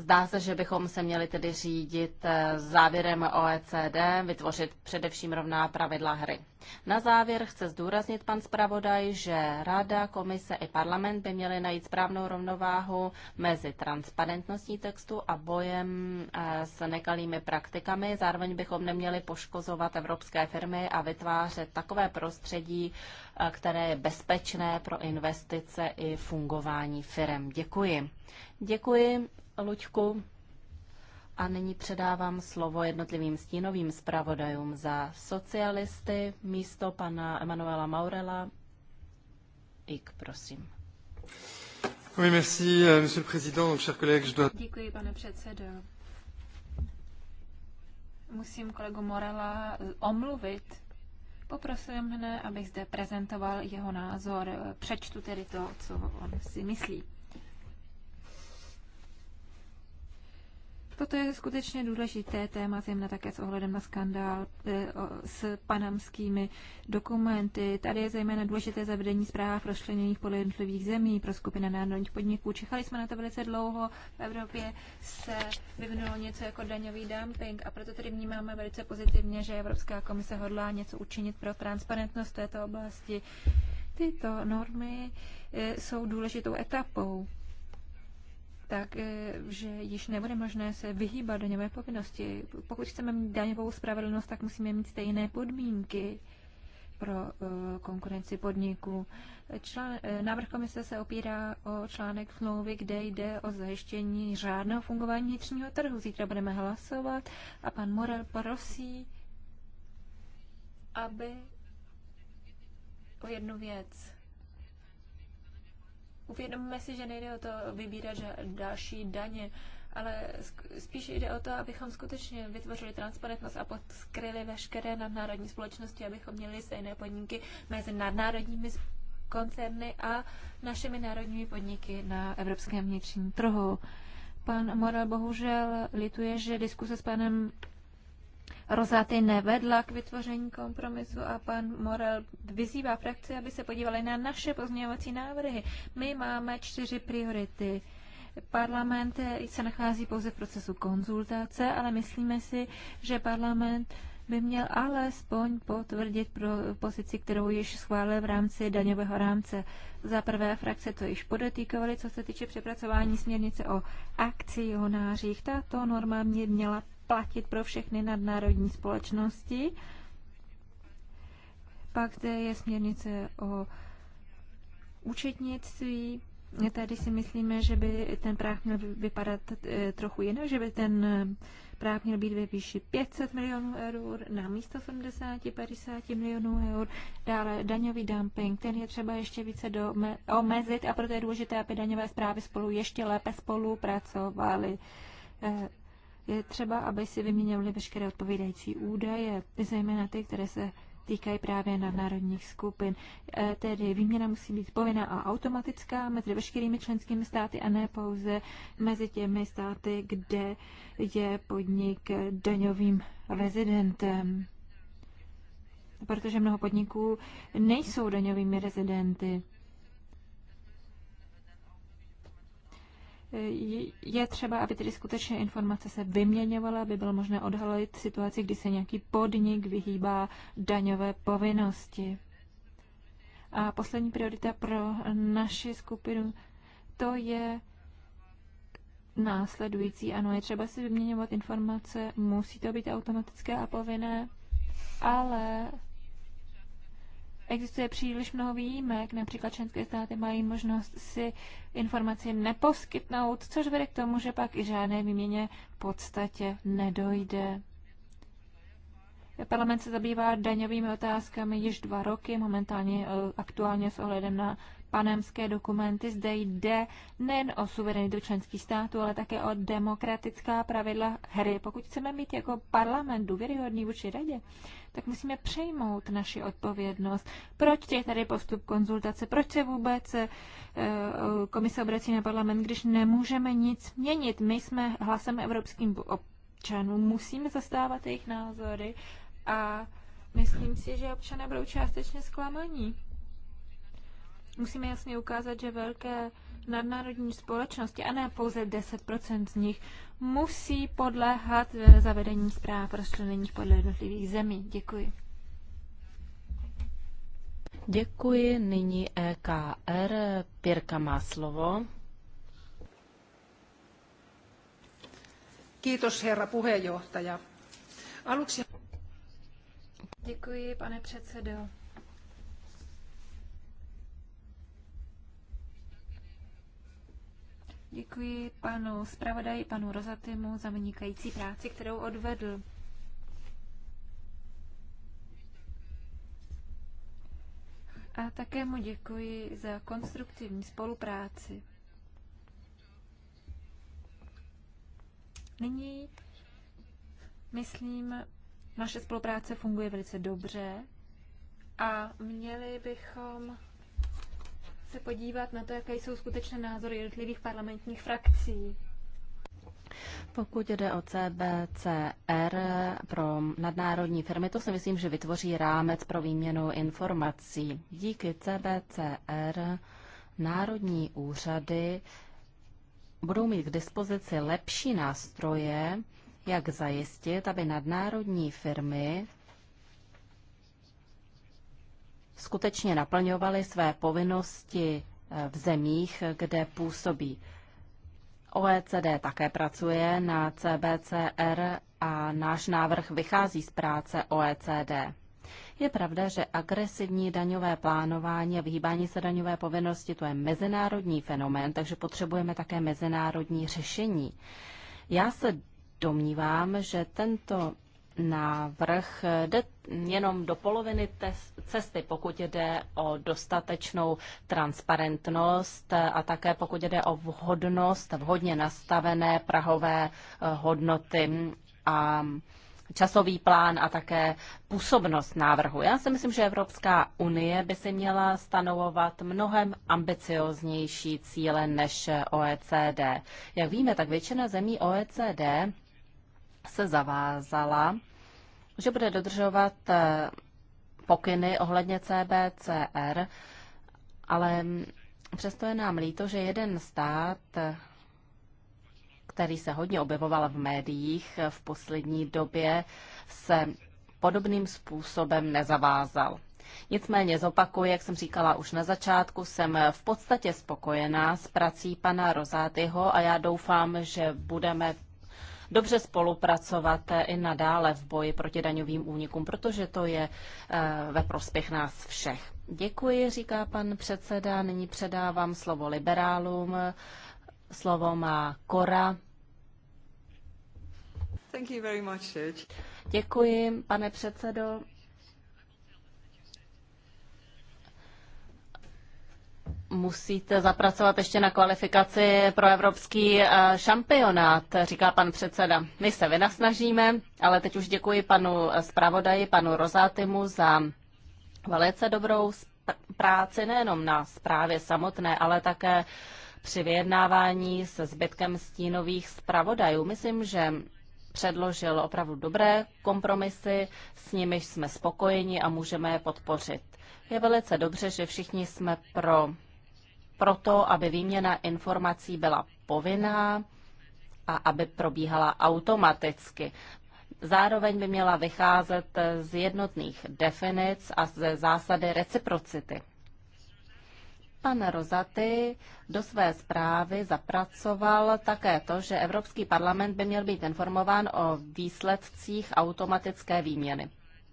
Zdá se, že bychom se měli tedy řídit eh, závěrem OECD, vytvořit především rovná pravidla hry. Na závěr chce zdůraznit pan zpravodaj, že Rada, Komise i Parlament by měly najít správnou rovnováhu mezi transparentností textu a bojem eh, s nekalými praktikami. Zároveň bychom neměli poškozovat evropské firmy a vytvářet takové prostředí, eh, které je bezpečné pro investice i fungování firm. Děkuji. Děkuji Luďku. A nyní předávám slovo jednotlivým stínovým zpravodajům za socialisty místo pana Emanuela Maurela. Ik, prosím. Oui, merci, euh, monsieur le président, chers collègues, je dois... Děkuji, pane předsedo. Musím kolegu Morela eh, omluvit. Poprosil mne, abych zde prezentoval jeho názor. Přečtu tedy to, co on si myslí. To je skutečně důležité téma, zejména také s ohledem na skandál eh, s panamskými dokumenty. Tady je zejména důležité zavedení zpráv rozšleněných podle jednotlivých zemí pro skupiny národních podniků. Čekali jsme na to velice dlouho. V Evropě se vyvinulo něco jako daňový dumping a proto tedy vnímáme velice pozitivně, že Evropská komise hodlá něco učinit pro transparentnost této oblasti. Tyto normy eh, jsou důležitou etapou tak eh, že již nebude možné se vyhýbat do něvé povinnosti. Pokud chceme mít daňovou spravedlnost, tak musíme mít stejné podmínky pro eh, konkurenci podniků. Člán, eh, návrh komise se opírá o článek smlouvy, kde jde o zajištění řádného fungování vnitřního trhu. Zítra budeme hlasovat a pan Morel prosí, aby o jednu věc Uvědomíme si, že nejde o to vybírat další daně, ale spíše jde o to, abychom skutečně vytvořili transparentnost a podskryli veškeré nadnárodní společnosti, abychom měli stejné podniky mezi nadnárodními koncerny a našimi národními podniky na evropském vnitřním trhu. Pan Moral bohužel lituje, že diskuse s panem Rozaty nevedla k vytvoření kompromisu a pan Morel vyzývá frakci, aby se podívali na naše pozměňovací návrhy. My máme čtyři priority. Parlament se nachází pouze v procesu konzultace, ale myslíme si, že parlament by měl alespoň potvrdit pro pozici, kterou již schválil v rámci daňového rámce. Za prvé frakce to již podotýkovaly, co se týče přepracování směrnice o akcionářích. Tato norma mě měla platit pro všechny nadnárodní společnosti. Pak zde je směrnice o účetnictví. Tady si myslíme, že by ten práh měl vypadat eh, trochu jinak, že by ten eh, práh měl být ve výši 500 milionů eur na místo 70-50 milionů eur. Dále daňový dumping, ten je třeba ještě více do, omezit a proto je důležité, aby daňové zprávy spolu ještě lépe spolupracovaly. Eh, je třeba, aby si vyměňovali veškeré odpovídající údaje, zejména ty, které se týkají právě nadnárodních skupin. E, tedy výměna musí být povinná a automatická mezi veškerými členskými státy a ne pouze mezi těmi státy, kde je podnik daňovým rezidentem. Protože mnoho podniků nejsou daňovými rezidenty. je třeba, aby tedy skutečně informace se vyměňovala, aby bylo možné odhalit situaci, kdy se nějaký podnik vyhýbá daňové povinnosti. A poslední priorita pro naši skupinu, to je následující. Ano, je třeba si vyměňovat informace, musí to být automatické a povinné, ale Existuje příliš mnoho výjimek, například členské státy mají možnost si informaci neposkytnout, což vede k tomu, že pak i žádné výměně v podstatě nedojde. Parlament se zabývá daňovými otázkami již dva roky, momentálně eh, aktuálně s ohledem na panemské dokumenty. Zde jde nejen o suverenitu členských států, ale také o demokratická pravidla hry. Pokud chceme mít jako parlament důvěryhodný vůči radě, tak musíme přejmout naši odpovědnost. Proč je tady postup konzultace? Proč se vůbec eh, komise obrací na parlament, když nemůžeme nic měnit? My jsme hlasem evropským občanům, musíme zastávat jejich názory a myslím si, že občané budou částečně zklamaní. Musíme jasně ukázat, že velké nadnárodní společnosti, a ne pouze 10% z nich, musí podléhat zavedení zpráv rozčleněných podle jednotlivých zemí. Děkuji. Děkuji. Nyní EKR. Pěrka má slovo. Kiitos herra puheenjohtaja. Aluksi... Děkuji, pane předsedo. Děkuji panu zpravodaji, panu Rozatimu za vynikající práci, kterou odvedl. A také mu děkuji za konstruktivní spolupráci. Nyní, myslím, naše spolupráce funguje velice dobře a měli bychom se podívat na to, jaké jsou skutečné názory jednotlivých parlamentních frakcí. Pokud jde o CBCR pro nadnárodní firmy, to si myslím, že vytvoří rámec pro výměnu informací. Díky CBCR národní úřady budou mít k dispozici lepší nástroje, jak zajistit, aby nadnárodní firmy skutečně naplňovaly své povinnosti eh, v zemích, kde působí. OECD také pracuje na CBCR a náš návrh vychází z práce OECD. Je pravda, že agresivní daňové plánování a vyhýbání se daňové povinnosti to je mezinárodní fenomén, takže potřebujeme také mezinárodní řešení. Já se domnívám, že tento návrh jde jenom do poloviny cesty, pokud jde o dostatečnou transparentnost a také pokud jde o vhodnost, vhodně nastavené prahové eh, hodnoty a časový plán a také působnost návrhu. Já si myslím, že Evropská unie by si měla stanovovat mnohem ambicioznější cíle než OECD. Jak víme, tak většina zemí OECD se zavázala, že bude dodržovat eh, pokyny ohledně CBCR, ale mm, přesto je nám líto, že jeden stát, eh, který se hodně objevoval v médiích eh, v poslední době, se podobným způsobem nezavázal. Nicméně zopakuji, jak jsem říkala už na začátku, jsem v podstatě spokojená s prací pana Rozátyho a já doufám, že budeme dobře spolupracovat i nadále v boji proti daňovým únikům, protože to je eh, ve prospěch nás všech. Děkuji, říká pan předseda. Nyní předávám slovo liberálům. Slovo má Kora. Děkuji, pane předsedo. musíte zapracovat ještě na kvalifikaci pro evropský eh, šampionát, říká pan předseda. My se vynasnažíme, ale teď už děkuji panu eh, zpravodaji, panu Rozátymu za velice dobrou práci nejenom na zprávě samotné, ale také při vyjednávání se zbytkem stínových zpravodajů. Myslím, že předložil opravdu dobré kompromisy, s nimiž jsme spokojeni a můžeme je podpořit. Je velice dobře, že všichni jsme pro proto, aby výměna informací byla povinná a aby probíhala automaticky. Zároveň by měla vycházet z jednotných definic a ze zásady reciprocity. Pan Rozaty do své zprávy zapracoval také to, že Evropský parlament by měl být informován o výsledcích automatické výměny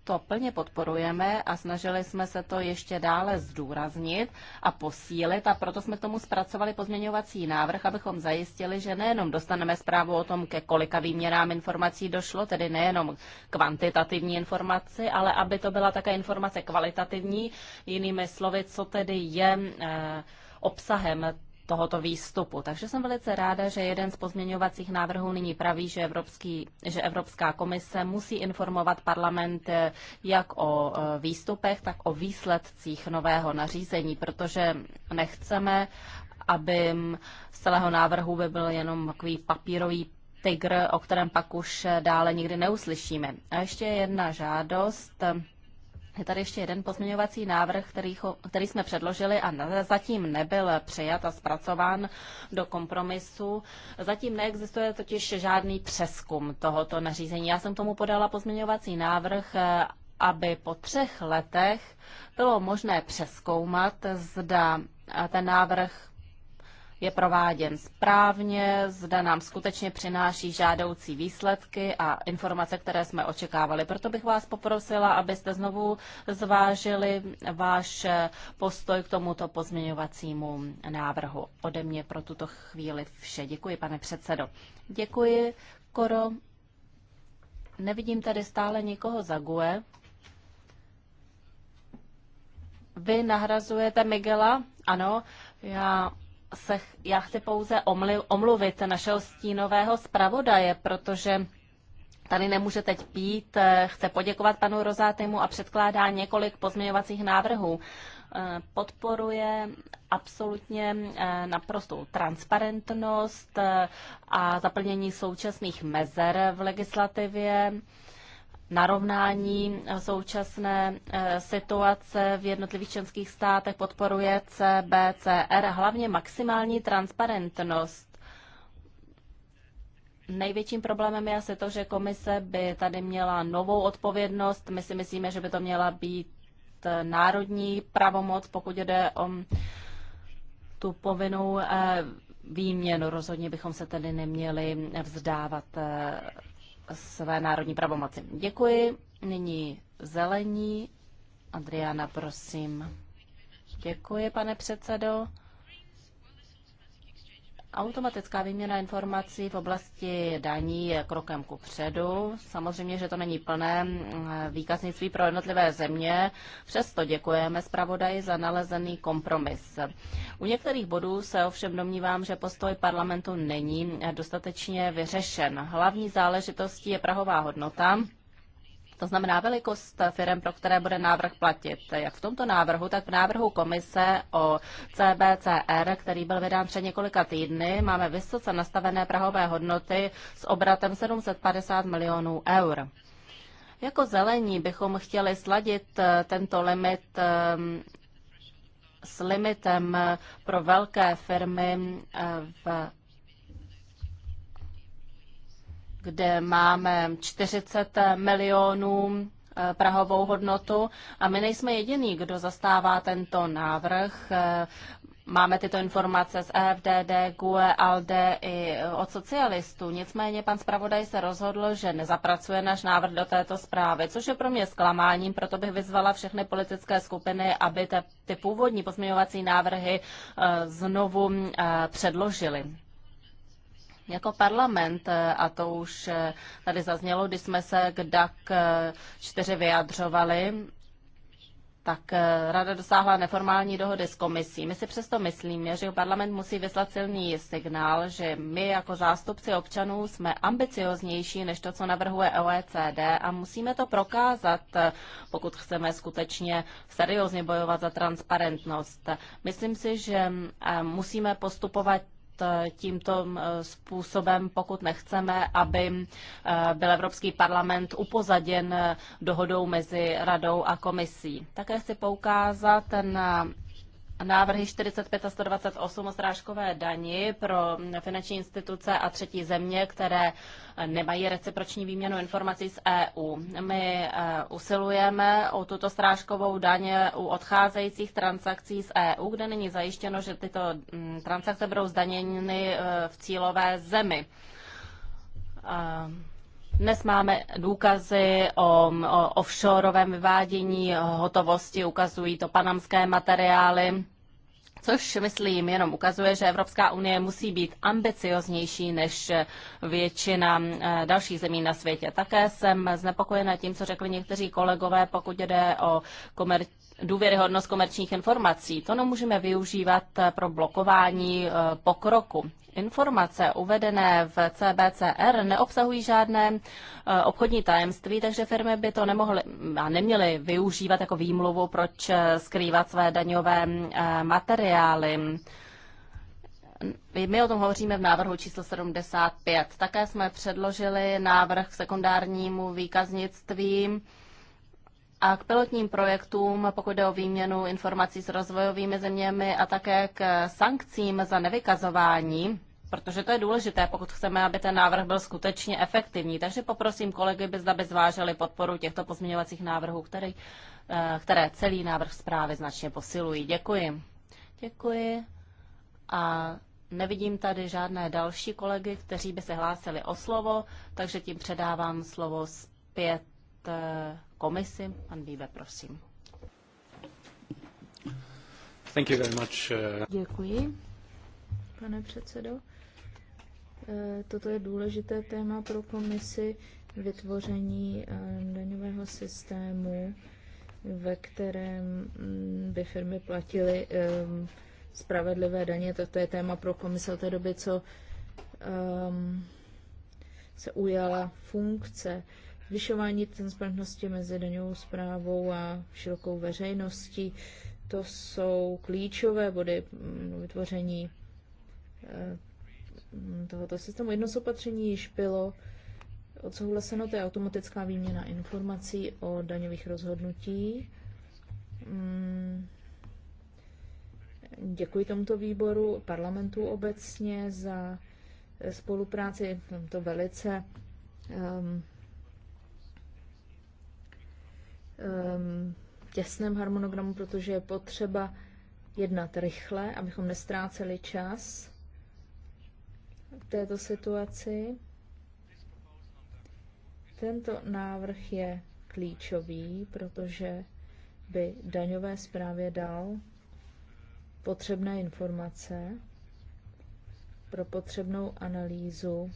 to plně podporujeme a snažili jsme se to ještě dále zdůraznit a posílit a proto jsme tomu zpracovali pozměňovací návrh, abychom zajistili, že nejenom dostaneme zprávu o tom, ke kolika výměrám informací došlo, tedy nejenom kvantitativní informaci, ale aby to byla také informace kvalitativní, jinými slovy, co tedy je eh, obsahem tohoto výstupu. Takže jsem velice ráda, že jeden z pozměňovacích návrhů nyní praví, že, Evropský, že Evropská komise musí informovat parlament eh, jak o eh, výstupech, tak o výsledcích nového nařízení, protože nechceme, aby z celého návrhu by byl jenom takový papírový tygr, o kterém pak už eh, dále nikdy neuslyšíme. A ještě jedna žádost. Je tady ještě jeden pozměňovací návrh, který, který jsme předložili a zatím nebyl přijat a zpracován do kompromisu. Zatím neexistuje totiž žádný přeskum tohoto nařízení. Já jsem tomu podala pozměňovací návrh, aby po třech letech bylo možné přeskoumat, zda ten návrh je prováděn správně, zda nám skutečně přináší žádoucí výsledky a informace, které jsme očekávali. Proto bych vás poprosila, abyste znovu zvážili váš postoj k tomuto pozměňovacímu návrhu. Ode mě pro tuto chvíli vše. Děkuji, pane předsedo. Děkuji, Koro. Nevidím tady stále nikoho za GUE. Vy nahrazujete Miguela? Ano, já se, já chci pouze omluvit našeho stínového zpravodaje, protože tady nemůže teď pít. Eh, chce poděkovat panu Rozátymu a předkládá několik pozměňovacích návrhů. Eh, podporuje absolutně eh, naprostou transparentnost a zaplnění současných mezer v legislativě narovnání eh, současné eh, situace v jednotlivých členských státech podporuje CBCR a hlavně maximální transparentnost. Největším problémem je asi to, že komise by tady měla novou odpovědnost. My si myslíme, že by to měla být eh, národní pravomoc, pokud jde o mm, tu povinnou výměnu. Rozhodně bychom se tedy neměli vzdávat své národní pravomoci. Děkuji. Nyní zelení. Adriana, prosím. Děkuji, pane předsedo. Automatická výměna informací v oblasti daní je krokem ku předu. Samozřejmě, že to není plné mm, výkaznictví pro jednotlivé země, přesto děkujeme zpravodaji za nalezený kompromis. U některých bodů se ovšem domnívám, že postoj parlamentu není dostatečně vyřešen. Hlavní záležitostí je prahová hodnota to znamená velikost firm, pro které bude návrh platit. Jak v tomto návrhu, tak v návrhu komise o CBCR, který byl vydán před několika týdny, máme vysoce nastavené prahové hodnoty s obratem 750 milionů eur. Jako zelení bychom chtěli sladit eh, tento limit ehm, s limitem eh, pro velké firmy eh, v kde máme 40 milionů eh, prahovou hodnotu a my nejsme jediný, kdo zastává tento návrh. Eh, máme tyto informace z EFDD, GUE, ALDE i od socialistů. Nicméně pan zpravodaj se rozhodl, že nezapracuje náš návrh do této zprávy, což je pro mě zklamáním, proto bych vyzvala všechny politické skupiny, aby te, ty původní pozměňovací návrhy eh, znovu předložily jako parlament, eh, a to už eh, tady zaznělo, když jsme se k DAC 4 vyjadřovali, tak eh, rada dosáhla neformální dohody s komisí. My si přesto myslíme, že parlament musí vyslat silný signál, že my jako zástupci občanů jsme ambicioznější než to, co navrhuje OECD a musíme to prokázat, pokud chceme skutečně seriózně bojovat za transparentnost. Myslím si, že musíme postupovat Eh, tímto eh, způsobem, pokud nechceme, aby eh, byl Evropský parlament upozaděn dohodou mezi radou a komisí. Také chci poukázat na návrhy 45 a 128 o strážkové dani pro finanční instituce a třetí země, které nemají reciproční výměnu informací z EU. My e, usilujeme o tuto strážkovou daně u odcházejících transakcí z EU, kde není zajištěno, že tyto mm, transakce budou zdaněny e, v cílové zemi. Dnes máme důkazy o, o offshoreovém vyvádění hotovosti, ukazují to panamské materiály, což myslím jenom ukazuje, že Evropská unie musí být ambicioznější než většina eh, dalších zemí na světě. Také jsem znepokojena tím, co řekli někteří kolegové, pokud jde o komerční důvěryhodnost komerčních informací. To nemůžeme využívat eh, pro blokování eh, pokroku. Informace uvedené v CBCR neobsahují žádné eh, obchodní tajemství, takže firmy by to nemohly a neměly využívat jako výmluvu, proč skrývat své daňové materiály. My o tom hovoříme v návrhu číslo 75. Také jsme předložili návrh k sekundárnímu výkaznictví a k pilotním projektům, pokud jde o výměnu informací s rozvojovými zeměmi a také k sankcím za nevykazování, protože to je důležité, pokud chceme, aby ten návrh byl skutečně efektivní. Takže poprosím kolegy, by zda by zvážili podporu těchto pozměňovacích návrhů, který, eh, které celý návrh zprávy značně posilují. Děkuji. Děkuji. A nevidím tady žádné další kolegy, kteří by se hlásili o slovo, takže tím předávám slovo zpět Eh, komisi. Pan Bíbe, prosím. Thank you very much. Eh. Děkuji, pane předsedo. Eh, toto je důležité téma pro komisi vytvoření daňového systému, ve kterém mm, by firmy platily ehm, spravedlivé daně. Toto je téma pro komisi. od té doby, co ehm, se ujala funkce zvyšování transparentnosti mezi daňovou zprávou a širokou veřejností. To jsou klíčové body mm, vytvoření eh, tohoto systému. Jedno z opatření již bylo odsouhlaseno, to je automatická výměna informací o daňových rozhodnutí. Mm, děkuji tomuto výboru, parlamentu obecně za eh, spolupráci to velice um, Ehm, těsném harmonogramu, protože je potřeba jednat rychle, abychom nestráceli čas v této situaci. Tento návrh je klíčový, protože by daňové zprávě dal potřebné informace pro potřebnou analýzu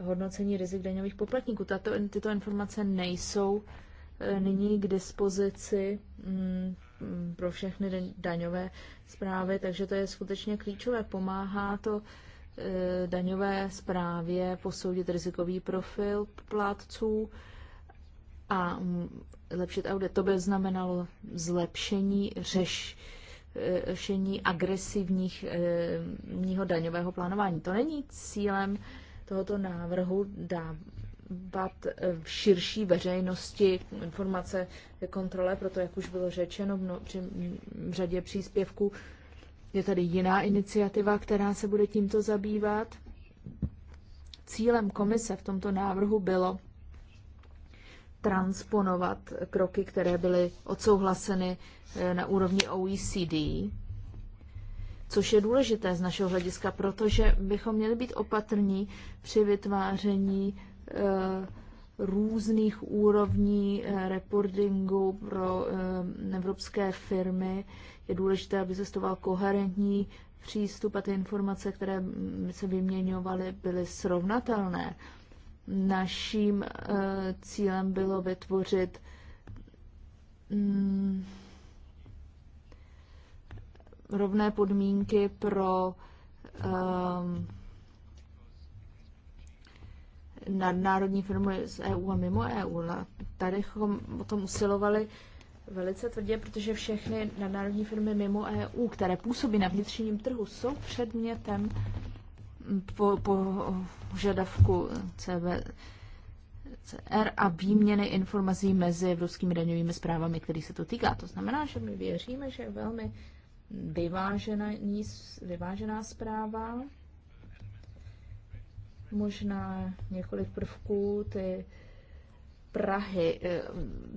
hodnocení rizik daňových poplatníků. Tato, tyto informace nejsou nyní k dispozici mm, pro všechny daňové zprávy, takže to je skutečně klíčové. Pomáhá to eh, daňové zprávě posoudit rizikový profil plátců a zlepšit audit. To by znamenalo zlepšení eh, řešení agresivního eh, daňového plánování. To není cílem tohoto návrhu dá, dávat eh, v širší veřejnosti informace ke kontrole, proto jak už bylo řečeno mno, při řadě příspěvků, je tady jiná iniciativa, která se bude tímto zabývat. Cílem komise v tomto návrhu bylo transponovat kroky, které byly odsouhlaseny eh, na úrovni OECD, což je důležité z našeho hlediska, protože bychom měli být opatrní při vytváření Eh, různých úrovní eh, reportingu pro eh, evropské firmy. Je důležité, aby zestoval koherentní přístup a ty informace, které se vyměňovaly, byly srovnatelné. Naším cílem bylo vytvořit mm, rovné podmínky pro um, nadnárodní firmy z EU a mimo EU. Tady o tom usilovali velice tvrdě, protože všechny nadnárodní firmy mimo EU, které působí na vnitřním trhu, jsou předmětem mm, po, po žadavku CB, CR a výměny informací mezi evropskými daňovými zprávami, který se to týká. To znamená, že my věříme, že je velmi vyvážená, vyvážená zpráva možná několik prvků, ty Prahy. Eh,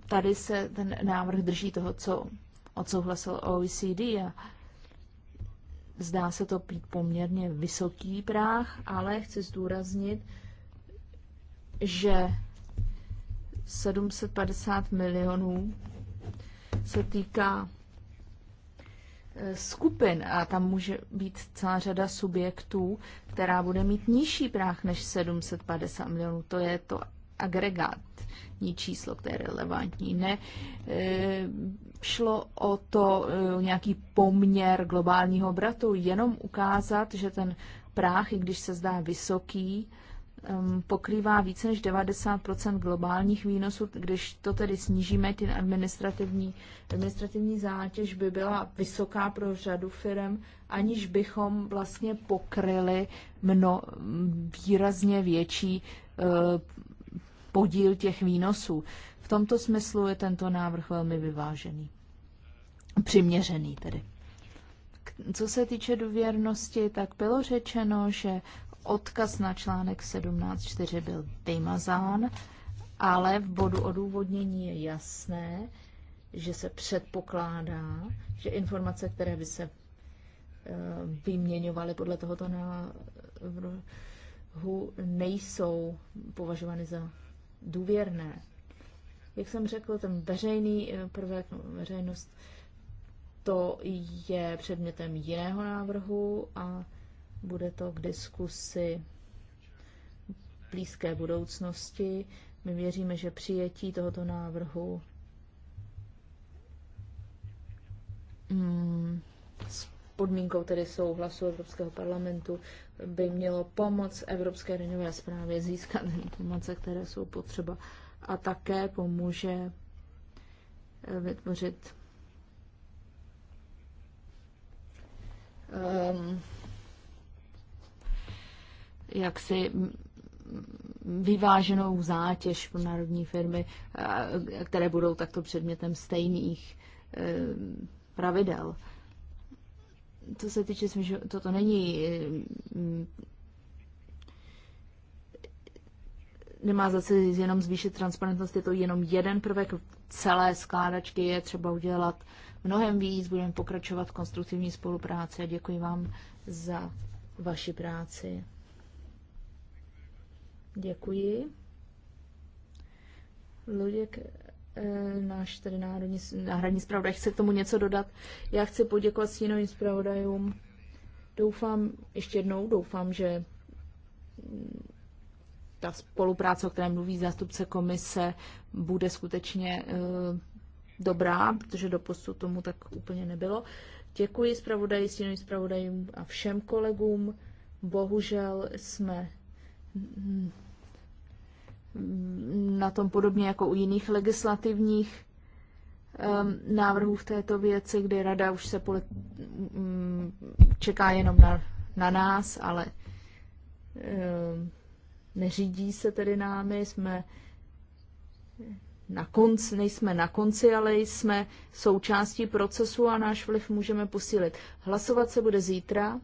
tady se ten návrh drží toho, co odsouhlasil OECD a zdá se to být poměrně vysoký práh, ale chci zdůraznit, že 750 milionů se týká skupin a tam může být celá řada subjektů, která bude mít nižší práh než 750 milionů. To je to agregátní číslo, které je relevantní. Ne, e, šlo o to e, nějaký poměr globálního obratu, jenom ukázat, že ten práh, i když se zdá vysoký, e, Um, pokrývá více než 90 globálních výnosů, když to tedy snížíme, ty administrativní, administrativní zátěž by byla vysoká pro řadu firm, aniž bychom vlastně pokryli mno, výrazně větší uh, podíl těch výnosů. V tomto smyslu je tento návrh velmi vyvážený. Přiměřený tedy. Co se týče důvěrnosti, tak bylo řečeno, že odkaz na článek 17.4 byl vymazán, ale v bodu odůvodnění je jasné, že se předpokládá, že informace, které by se eh, vyměňovaly podle tohoto návrhu, nejsou považovány za důvěrné. Jak jsem řekl, ten veřejný eh, prvek, veřejnost, to je předmětem jiného návrhu a bude to k diskusi blízké budoucnosti. My věříme, že přijetí tohoto návrhu hmm, s podmínkou tedy souhlasu Evropského parlamentu by mělo pomoc Evropské daňové zprávě získat informace, které jsou potřeba a také pomůže eh, vytvořit um, jaksi vyváženou zátěž pro národní firmy, eh, které budou takto předmětem stejných eh, pravidel. Co se týče, že toto není eh, nemá zase jenom zvýšit transparentnost, je to jenom jeden prvek celé skládačky, je třeba udělat mnohem víc, budeme pokračovat v konstruktivní spolupráci a děkuji vám za vaši práci. Děkuji. Luděk, eh, náš tedy národní, náhradní zpravodaj, chce k tomu něco dodat. Já chci poděkovat stínovým zpravodajům. Doufám, ještě jednou doufám, že ta spolupráce, o které mluví zástupce komise, bude skutečně eh, dobrá, protože do posud tomu tak úplně nebylo. Děkuji zpravodaji, stínovým zpravodajům a všem kolegům. Bohužel jsme na tom podobně jako u jiných legislativních um, návrhů v této věci, kdy rada už se polit, um, mm, čeká jenom na, na nás, ale um, neřídí se tedy námi, jsme na konci, nejsme na konci, ale jsme součástí procesu a náš vliv můžeme posílit. Hlasovat se bude zítra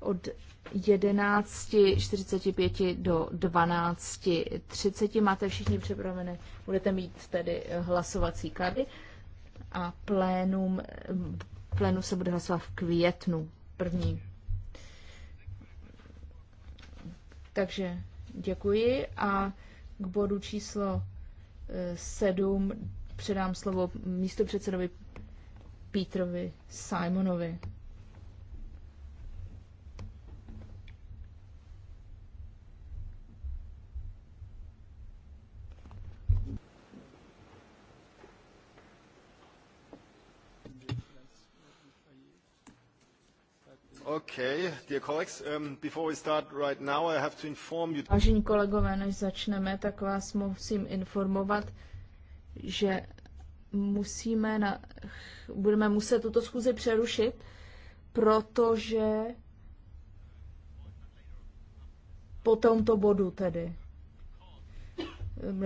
od 11.45 do 12.30. Máte všichni připravené, budete mít tedy hlasovací karty a plénum, plénu se bude hlasovat v květnu první. Takže děkuji a k bodu číslo 7 eh, předám slovo místo předsedovi Pítrovi Simonovi. Um, Vážení kolegové, než začneme, tak vás musím informovat, že musíme na, budeme muset tuto schůzi přerušit, protože po tomto bodu tedy,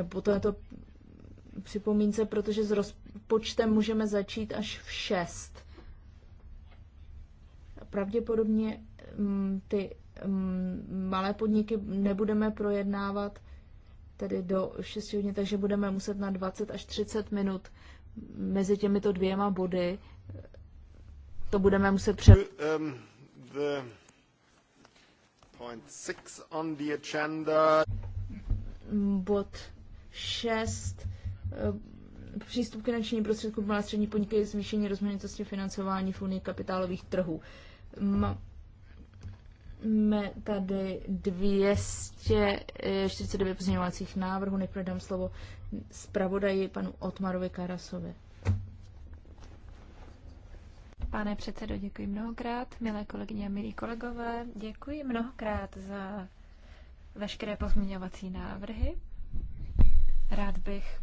po této připomínce, protože s rozpočtem můžeme začít až v 6 pravděpodobně mm, ty mm, malé podniky nebudeme projednávat tedy do 6 hodin, takže budeme muset na 20 až 30 minut mezi těmito dvěma body to budeme muset před... Um, Bod 6. Eh, přístup k finančním prostředkům malé střední podniky je zvýšení rozmanitosti financování v unii kapitálových trhů. Máme tady 249 pozměňovacích návrhů. Nejprve dám slovo zpravodaji panu Otmarovi Karasovi. Pane předsedo, děkuji mnohokrát. Milé kolegyně a milí kolegové, děkuji mnohokrát za veškeré pozměňovací návrhy. Rád bych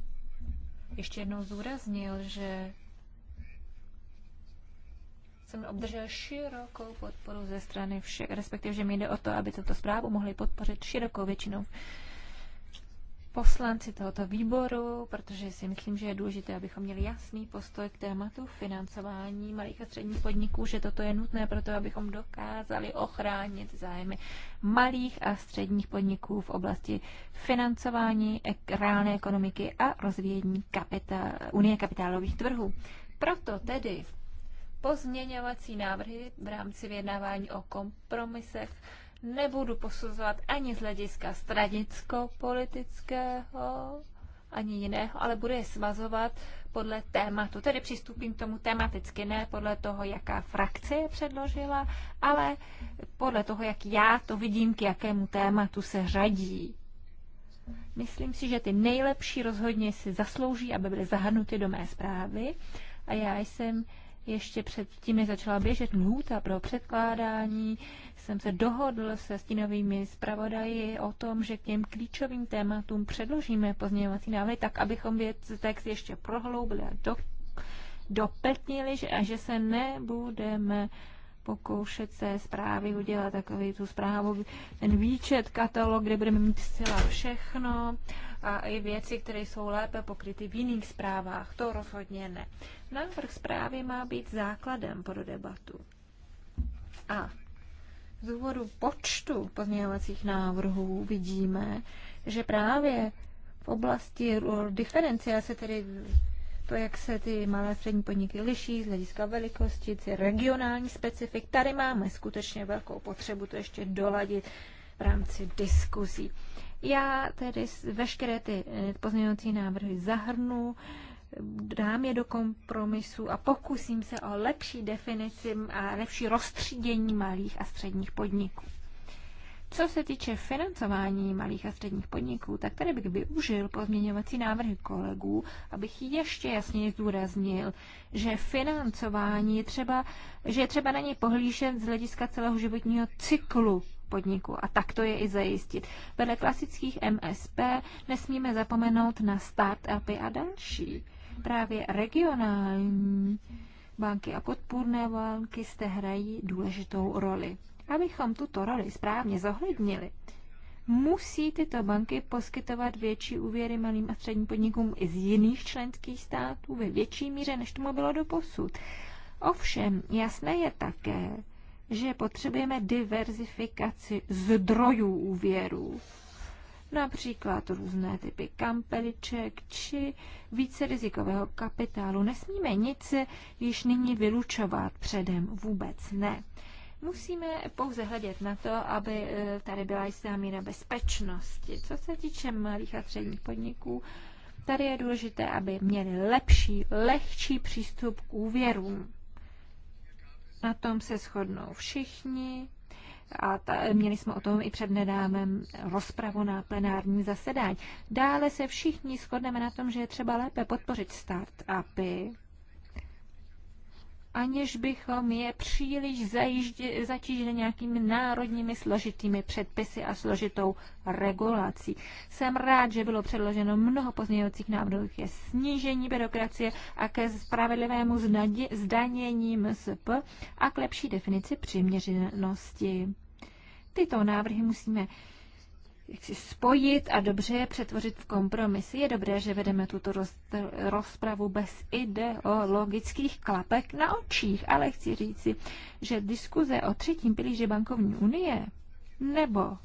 ještě jednou zúraznil, že jsem obdržel širokou podporu ze strany všech, respektive, že mi jde o to, aby tuto zprávu mohli podpořit širokou většinou poslanci tohoto výboru, protože si myslím, že je důležité, abychom měli jasný postoj k tématu financování malých a středních podniků, že toto je nutné proto, abychom dokázali ochránit zájmy malých a středních podniků v oblasti financování ek- reálné ekonomiky a rozvíjení kapita- unie kapitálových trhů. Proto tedy pozměňovací návrhy v rámci vyjednávání o kompromisech. Nebudu posuzovat ani z hlediska stranicko-politického, ani jiného, ale budu je svazovat podle tématu. Tedy přistupím k tomu tematicky, ne podle toho, jaká frakce je předložila, ale podle toho, jak já to vidím, k jakému tématu se řadí. Myslím si, že ty nejlepší rozhodně si zaslouží, aby byly zahrnuty do mé zprávy. A já jsem ještě předtím, než začala běžet lhůta pro předkládání, jsem se dohodl se stínovými zpravodaji o tom, že k těm klíčovým tématům předložíme pozměňovací návrhy, tak abychom věc text ještě prohloubili a do, dopetnili, že, a že se nebudeme pokoušet se zprávy udělat takový tu zprávu, ten výčet, katalog, kde budeme mít zcela všechno a i věci, které jsou lépe pokryty v jiných zprávách. To rozhodně ne. Návrh zprávy má být základem pro debatu. A z důvodu počtu pozměňovacích návrhů vidíme, že právě v oblasti diferenciace, tedy to, jak se ty malé a střední podniky liší z hlediska velikosti, ty regionální specifik, tady máme skutečně velkou potřebu to ještě doladit v rámci diskuzí. Já tedy veškeré ty eh, pozměňovací návrhy zahrnu dám je do kompromisu a pokusím se o lepší definici a lepší rozstřídění malých a středních podniků. Co se týče financování malých a středních podniků, tak tady bych využil pozměňovací návrhy kolegů, abych ještě jasněji zdůraznil, že financování je třeba, že je třeba na něj pohlížet z hlediska celého životního cyklu podniku a tak to je i zajistit. Vedle klasických MSP nesmíme zapomenout na startupy a další právě regionální banky a podpůrné banky zde hrají důležitou roli. Abychom tuto roli správně zohlednili, musí tyto banky poskytovat větší úvěry malým a středním podnikům i z jiných členských států ve větší míře, než tomu bylo do posud. Ovšem, jasné je také, že potřebujeme diverzifikaci zdrojů úvěrů například různé typy kampeliček či více rizikového kapitálu. Nesmíme nic již nyní vylučovat předem, vůbec ne. Musíme pouze hledět na to, aby eh, tady byla jistá míra bezpečnosti. Co se týče malých a středních podniků, tady je důležité, aby měli lepší, lehčí přístup k úvěrům. Na tom se shodnou všichni, a ta, měli jsme o tom i před nedávem rozpravu na plenární zasedání. Dále se všichni shodneme na tom, že je třeba lépe podpořit start-upy, aniž bychom je příliš zajíždě, zatížili nějakými národními složitými předpisy a složitou regulací. Jsem rád, že bylo předloženo mnoho pozměňovacích návrhů ke snížení byrokracie a ke spravedlivému zdanění MSP a k lepší definici přiměřenosti. Tyto návrhy musíme jaksi spojit a dobře je přetvořit v kompromisy. Je dobré, že vedeme tuto rozpravu bez ideologických klapek na očích, ale chci říci, že diskuze o třetím pilíři bankovní unie nebo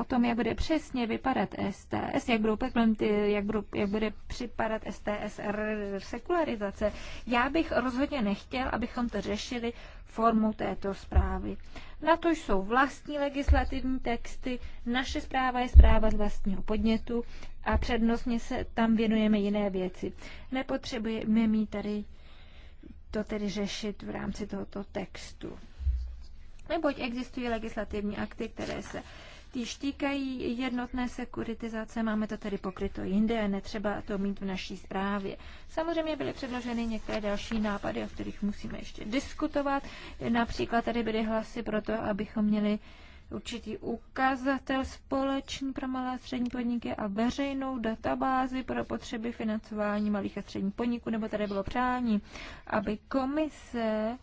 o tom, jak bude přesně vypadat STS, jak, budou, jak, budou, jak bude připadat STS sekularizace. Já bych rozhodně nechtěl, abychom to řešili formou této zprávy. Na to jsou vlastní legislativní texty, naše zpráva je zpráva z vlastního podnětu a přednostně se tam věnujeme jiné věci. Nepotřebujeme mít tady to tedy řešit v rámci tohoto textu. Neboť existují legislativní akty, které se týž týkají jednotné sekuritizace, máme to tedy pokryto jinde, netřeba to mít v naší zprávě. Samozřejmě byly předloženy některé další nápady, o kterých musíme ještě diskutovat. Například tady byly hlasy pro to, abychom měli určitý ukazatel společný pro malé a střední podniky a veřejnou databázi pro potřeby financování malých a středních podniků, nebo tady bylo přání, aby komise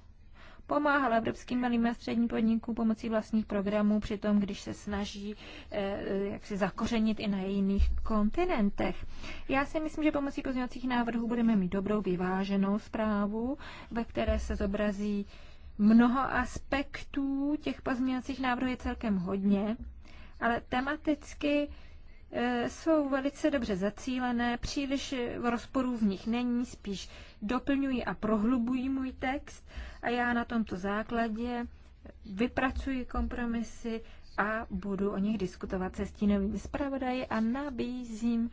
pomáhala evropským malým a středním podnikům pomocí vlastních programů, přitom když se snaží eh, eh, jak si zakořenit i na jiných kontinentech. Já si myslím, že pomocí pozměňovacích návrhů budeme mít dobrou vyváženou zprávu, ve které se zobrazí mnoho aspektů. Těch pozměňovacích návrhů je celkem hodně, ale tematicky eh, jsou velice dobře zacílené, příliš rozporu v nich není, spíš doplňují a prohlubují můj text a já na tomto základě vypracuji kompromisy a budu o nich diskutovat se stínovými zpravodaji a nabízím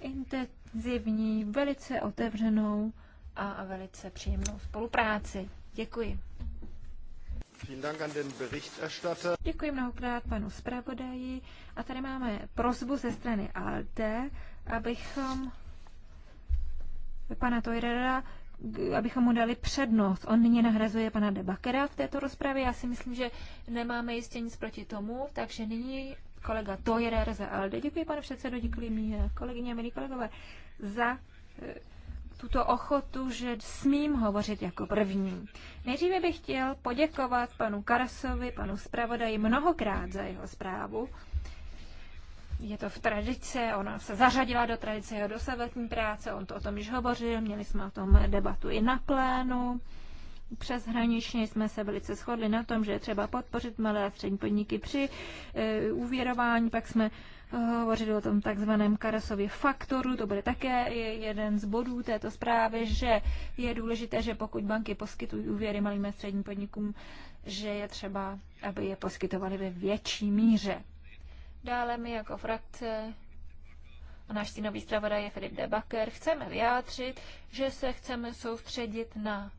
intenzivní, velice otevřenou a velice příjemnou spolupráci. Děkuji. Děkuji mnohokrát panu zpravodaji. A tady máme prozbu ze strany ALTE, abychom pana Tojrera abychom mu dali přednost. On nyní nahrazuje pana Debakera v této rozpravě. Já si myslím, že nemáme jistě nic proti tomu, takže nyní kolega Tojer za ALDE. Děkuji, pane předsedo, děkuji mý eh, kolegyně a milí kolegové za eh, tuto ochotu, že smím hovořit jako první. Nejdříve bych chtěl poděkovat panu Karasovi, panu zpravodaji mnohokrát za jeho zprávu je to v tradice, ona se zařadila do tradice jeho dosavadní práce, on to o tom již hovořil, měli jsme o tom debatu i na plénu. Přeshraničně jsme se velice shodli na tom, že je třeba podpořit malé a střední podniky při e, uvěrování. Pak jsme hovořili o tom takzvaném Karasově faktoru, to bude také jeden z bodů této zprávy, že je důležité, že pokud banky poskytují úvěry malým a středním podnikům, že je třeba, aby je poskytovaly ve větší míře. Dále my jako frakce a náš stínový zpravodaj je Filip de chceme vyjádřit, že se chceme soustředit na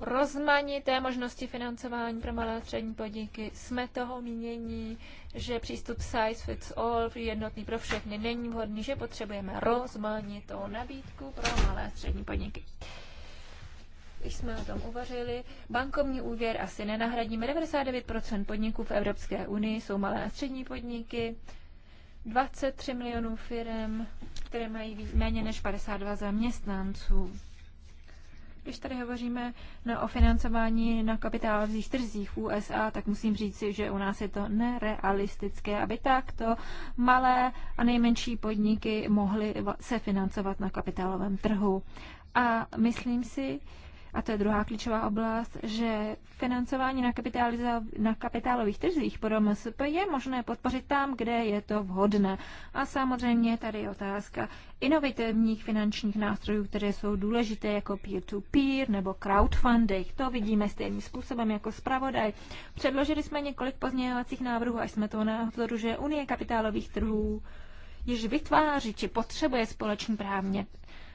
rozmanité možnosti financování pro malé a střední podniky. Jsme toho mínění, že přístup size fits all, jednotný pro všechny, není vhodný, že potřebujeme rozmanitou nabídku pro malé a střední podniky. Už jsme o tom uvařili. Bankovní úvěr asi nenahradíme. 99% podniků v Evropské unii jsou malé a střední podniky. 23 milionů firm, které mají méně než 52 zaměstnanců. Když tady hovoříme no, o financování na kapitálových trzích USA, tak musím říci, že u nás je to nerealistické, aby takto malé a nejmenší podniky mohly se financovat na kapitálovém trhu. A myslím si, a to je druhá klíčová oblast, že financování na, na kapitálových trzích pro MSP je možné podpořit tam, kde je to vhodné. A samozřejmě tady je otázka inovativních finančních nástrojů, které jsou důležité jako peer-to-peer -peer nebo crowdfunding. To vidíme stejným způsobem jako zpravodaj. Předložili jsme několik pozměňovacích návrhů, až jsme to názoru, že Unie kapitálových trhů již vytváří či potřebuje společný právně,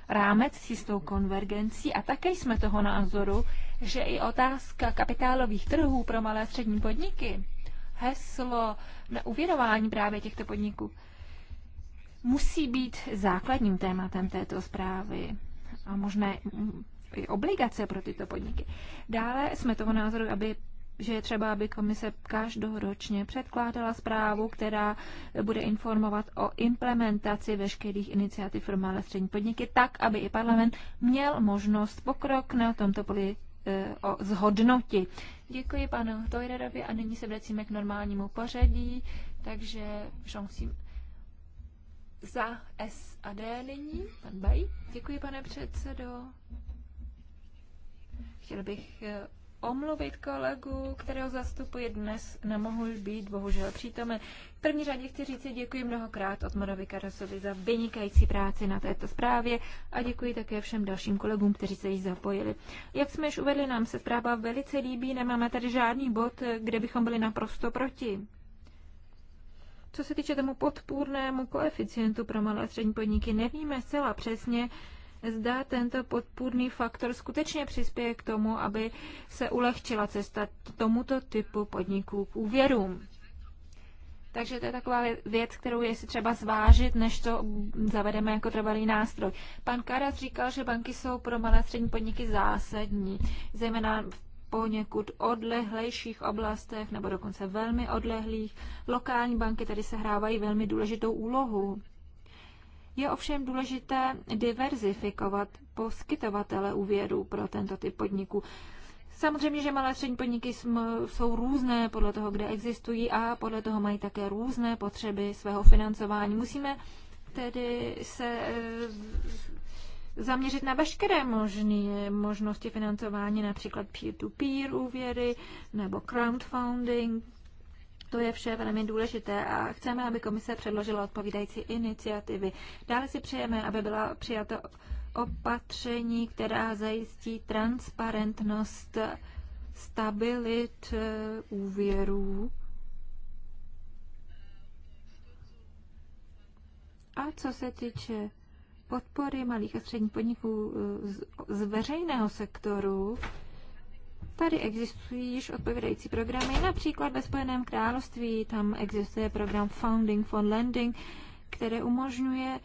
rámec s jistou konvergencí a také jsme toho názoru, že i otázka kapitálových trhů pro malé a střední podniky, heslo na uvěrování právě těchto podniků, musí být základním tématem této zprávy a možné i obligace pro tyto podniky. Dále jsme toho názoru, aby že je třeba, aby komise každoročně předkládala zprávu, která bude informovat o implementaci veškerých iniciativ pro malé střední podniky, tak, aby i parlament měl možnost pokrok na tomto poli e, o, zhodnoti. Děkuji panu Tojrerovi a nyní se vracíme k normálnímu pořadí, takže žonsím za S a D nyní, pan Baj. Děkuji, pane předsedo. Chtěl bych e, omluvit kolegu, kterého zastupuji dnes, nemohl být bohužel přítomen. V první řadě chci říct děkuji mnohokrát Otmarovi Karasovi za vynikající práci na této zprávě a děkuji také všem dalším kolegům, kteří se jí zapojili. Jak jsme již uvedli, nám se zpráva velice líbí, nemáme tady žádný bod, kde bychom byli naprosto proti. Co se týče tomu podpůrnému koeficientu pro malé a střední podniky, nevíme zcela přesně, zda tento podpůrný faktor skutečně přispěje k tomu, aby se ulehčila cesta tomuto typu podniků k úvěrům. Takže to je taková věc, kterou je si třeba zvážit, než to zavedeme jako trvalý nástroj. Pan Karas říkal, že banky jsou pro malé a střední podniky zásadní, zejména v poněkud odlehlejších oblastech nebo dokonce velmi odlehlých. Lokální banky tady sehrávají velmi důležitou úlohu. Je ovšem důležité diverzifikovat poskytovatele úvěru pro tento typ podniků. Samozřejmě, že malé střední podniky jsou různé podle toho, kde existují a podle toho mají také různé potřeby svého financování. Musíme tedy se e, zaměřit na veškeré možné e, možnosti financování, například peer-to-peer -peer úvěry nebo crowdfunding, to je vše velmi důležité a chceme, aby komise předložila odpovídající iniciativy. Dále si přejeme, aby byla přijata opatření, která zajistí transparentnost, stabilit eh, úvěrů. A co se týče podpory malých a středních podniků eh, z, z veřejného sektoru, Tady existují již odpovědající programy, například ve Spojeném království, tam existuje program Founding for Lending, které umožňuje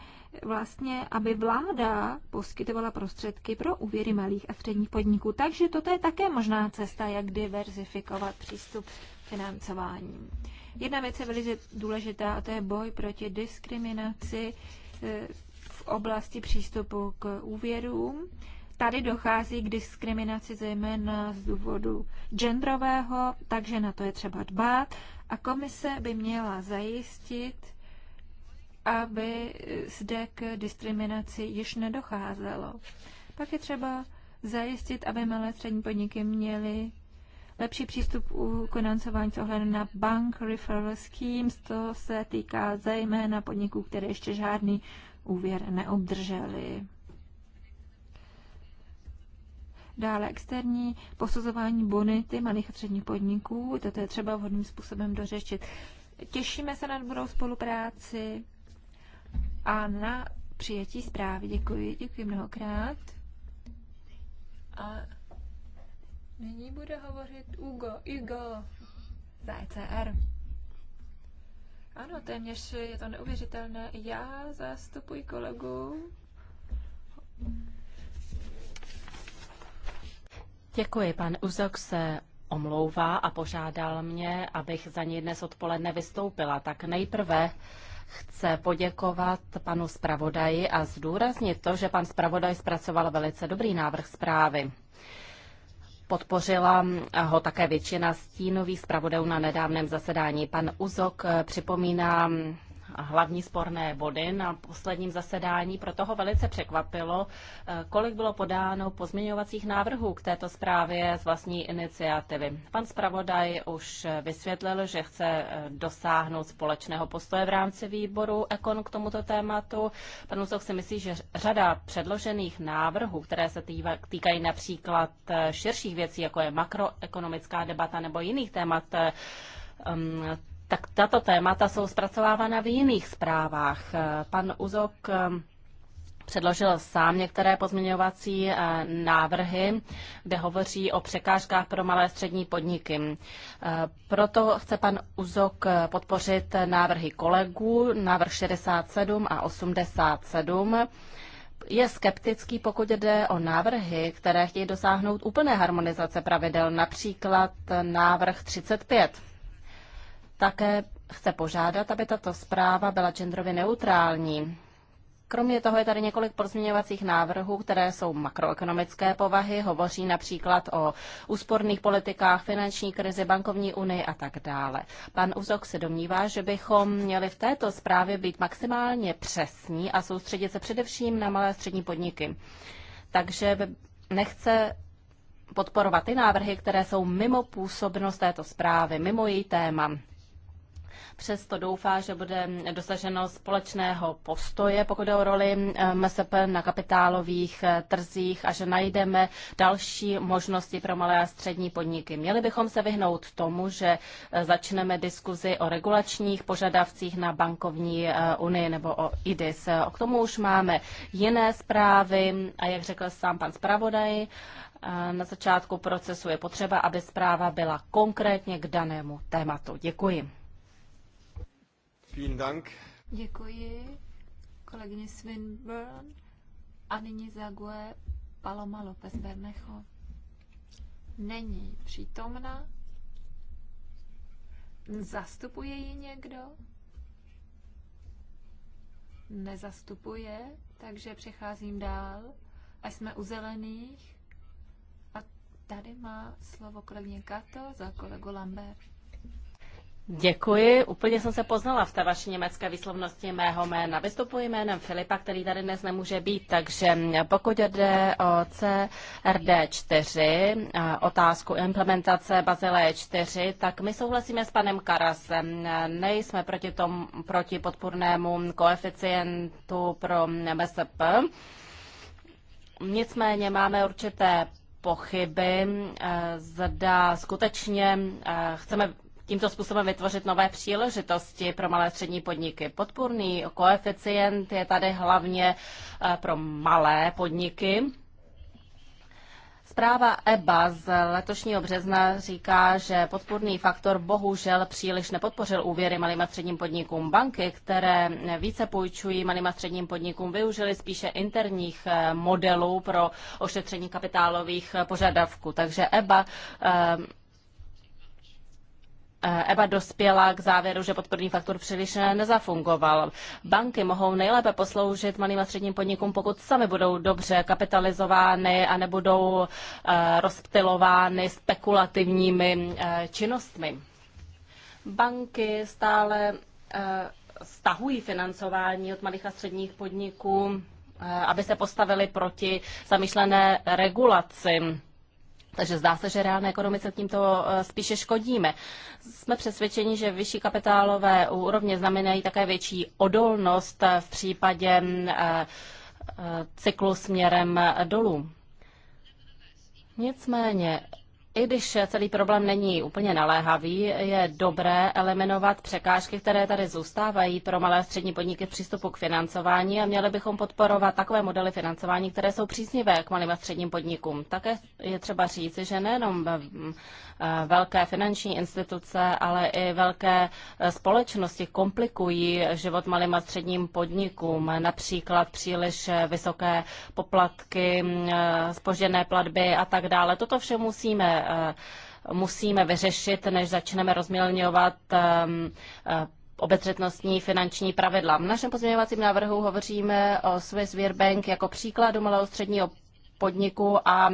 vlastně, aby vláda poskytovala prostředky pro úvěry malých a středních podniků. Takže toto je také možná cesta, jak diverzifikovat přístup financování. Jedna věc je velice důležitá, a to je boj proti diskriminaci eh, v oblasti přístupu k úvěrům. Tady dochází k diskriminaci zejména z důvodu genderového, takže na to je třeba dbát. A komise by měla zajistit, aby zde k diskriminaci již nedocházelo. Pak je třeba zajistit, aby malé střední podniky měly lepší přístup u konancování ohledu na bank referral schemes. To se týká zejména podniků, které ještě žádný úvěr neobdrželi. Dále externí posuzování bonity malých a středních podniků, toto je třeba vhodným způsobem dořešit. Těšíme se na dobrou spolupráci a na přijetí zprávy. Děkuji, děkuji mnohokrát. A nyní bude hovořit Ugo, Igo za ECR. Ano, téměř je to neuvěřitelné. Já zastupuji kolegu Děkuji. Pan Uzok se omlouvá a požádal mě, abych za něj dnes odpoledne vystoupila. Tak nejprve chce poděkovat panu zpravodaji a zdůraznit to, že pan zpravodaj zpracoval velice dobrý návrh zprávy. Podpořila ho také většina stínových zpravodajů na nedávném zasedání. Pan Uzok připomíná hlavní sporné body na posledním zasedání. Proto ho velice překvapilo, eh, kolik bylo podáno pozměňovacích návrhů k této zprávě z vlastní iniciativy. Pan zpravodaj už vysvětlil, že chce eh, dosáhnout společného postoje v rámci výboru Ekon k tomuto tématu. Pan Lusok si myslí, že řada předložených návrhů, které se týkají například eh, širších věcí, jako je makroekonomická debata nebo jiných témat, mm, tak tato témata jsou zpracovávána v jiných zprávách. Pan Uzok eh, předložil sám některé pozměňovací eh, návrhy, kde hovoří o překážkách pro malé střední podniky. Eh, proto chce pan Uzok podpořit návrhy kolegů, návrh 67 a 87. Je skeptický, pokud jde o návrhy, které chtějí dosáhnout úplné harmonizace pravidel, například návrh 35 také chce požádat, aby tato zpráva byla genderově neutrální. Kromě toho je tady několik pozměňovacích návrhů, které jsou makroekonomické povahy, hovoří například o úsporných politikách, finanční krizi, bankovní unii a tak dále. Pan Uzok se domnívá, že bychom měli v této zprávě být maximálně přesní a soustředit se především na malé a střední podniky. Takže nechce podporovat ty návrhy, které jsou mimo působnost této zprávy, mimo její téma. Přesto doufá, že bude dosaženo společného postoje, pokud je o roli eh, MSP na kapitálových eh, trzích a že najdeme další možnosti pro malé a střední podniky. Měli bychom se vyhnout tomu, že eh, začneme diskuzi o regulačních požadavcích na bankovní unii nebo o IDIS. K tomu už máme jiné zprávy a jak řekl sám pan zpravodaj, na začátku procesu je potřeba, aby zpráva byla konkrétně k danému tématu. Děkuji. Vielen Dank. Děkuji kolegyně Swinburne a nyní zaguje Paloma López Bernecho. Není přítomna. Zastupuje ji někdo? Nezastupuje, takže přecházím dál. A jsme u zelených. A tady má slovo kolegyně Kato za kolegu Lambert. Děkuji, úplně jsem se poznala v té vaší německé výslovnosti mého jména. Vystupuji jménem Filipa, který tady dnes nemůže být, takže pokud jde o CRD4, otázku implementace Bazileje 4, tak my souhlasíme s panem Karasem. Nejsme proti, tomu, proti podpůrnému koeficientu pro MSP. Nicméně máme určité pochyby, eh, zda skutečně eh, chceme tímto způsobem vytvořit nové příležitosti pro malé a střední podniky. Podpůrný koeficient je tady hlavně eh, pro malé podniky. Zpráva EBA z letošního března říká, že podpůrný faktor bohužel příliš nepodpořil úvěry malým a středním podnikům. Banky, které více půjčují malým a středním podnikům, využily spíše interních eh, modelů pro ošetření kapitálových eh, požadavků. Takže EBA EBA dospěla k závěru, že podporný faktor příliš nezafungoval. Banky mohou nejlépe posloužit malým a středním podnikům, pokud sami budou dobře kapitalizovány a nebudou eh, rozptilovány spekulativními eh, činnostmi. Banky stále eh, stahují financování od malých a středních podniků, aby se postavili proti zamýšlené regulaci takže zdá se, že reálné ekonomice tímto eh, spíše škodíme. Jsme přesvědčeni, že vyšší kapitálové úrovně znamenají také větší odolnost eh, v případě mm, eh, cyklu směrem dolů. Nicméně i když celý problém není úplně naléhavý, je dobré eliminovat překážky, které tady zůstávají pro malé a střední podniky v přístupu k financování a měli bychom podporovat takové modely financování, které jsou příznivé k malým a středním podnikům. Také je třeba říci, že nejenom Eh, velké finanční instituce, ale i velké eh, společnosti komplikují život malým a středním podnikům. Například příliš eh, vysoké poplatky, spožděné mm, platby a tak dále. Toto vše musíme musíme vyřešit, než začneme rozmělňovat ehm, obezřetnostní finanční pravidla. V našem pozměňovacím návrhu hovoříme o Swiss Beer Bank jako příkladu malého středního podniku a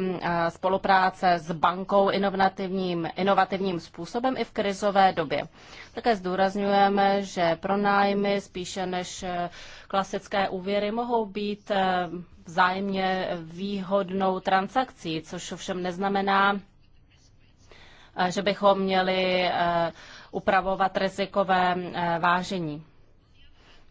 spolupráce s bankou inovativním, inovativním způsobem i v krizové době. Také zdůrazňujeme, že pronájmy spíše než e, klasické úvěry mohou být e, vzájemně výhodnou transakcí, což ovšem neznamená, e, že bychom měli upravovat rizikové vážení.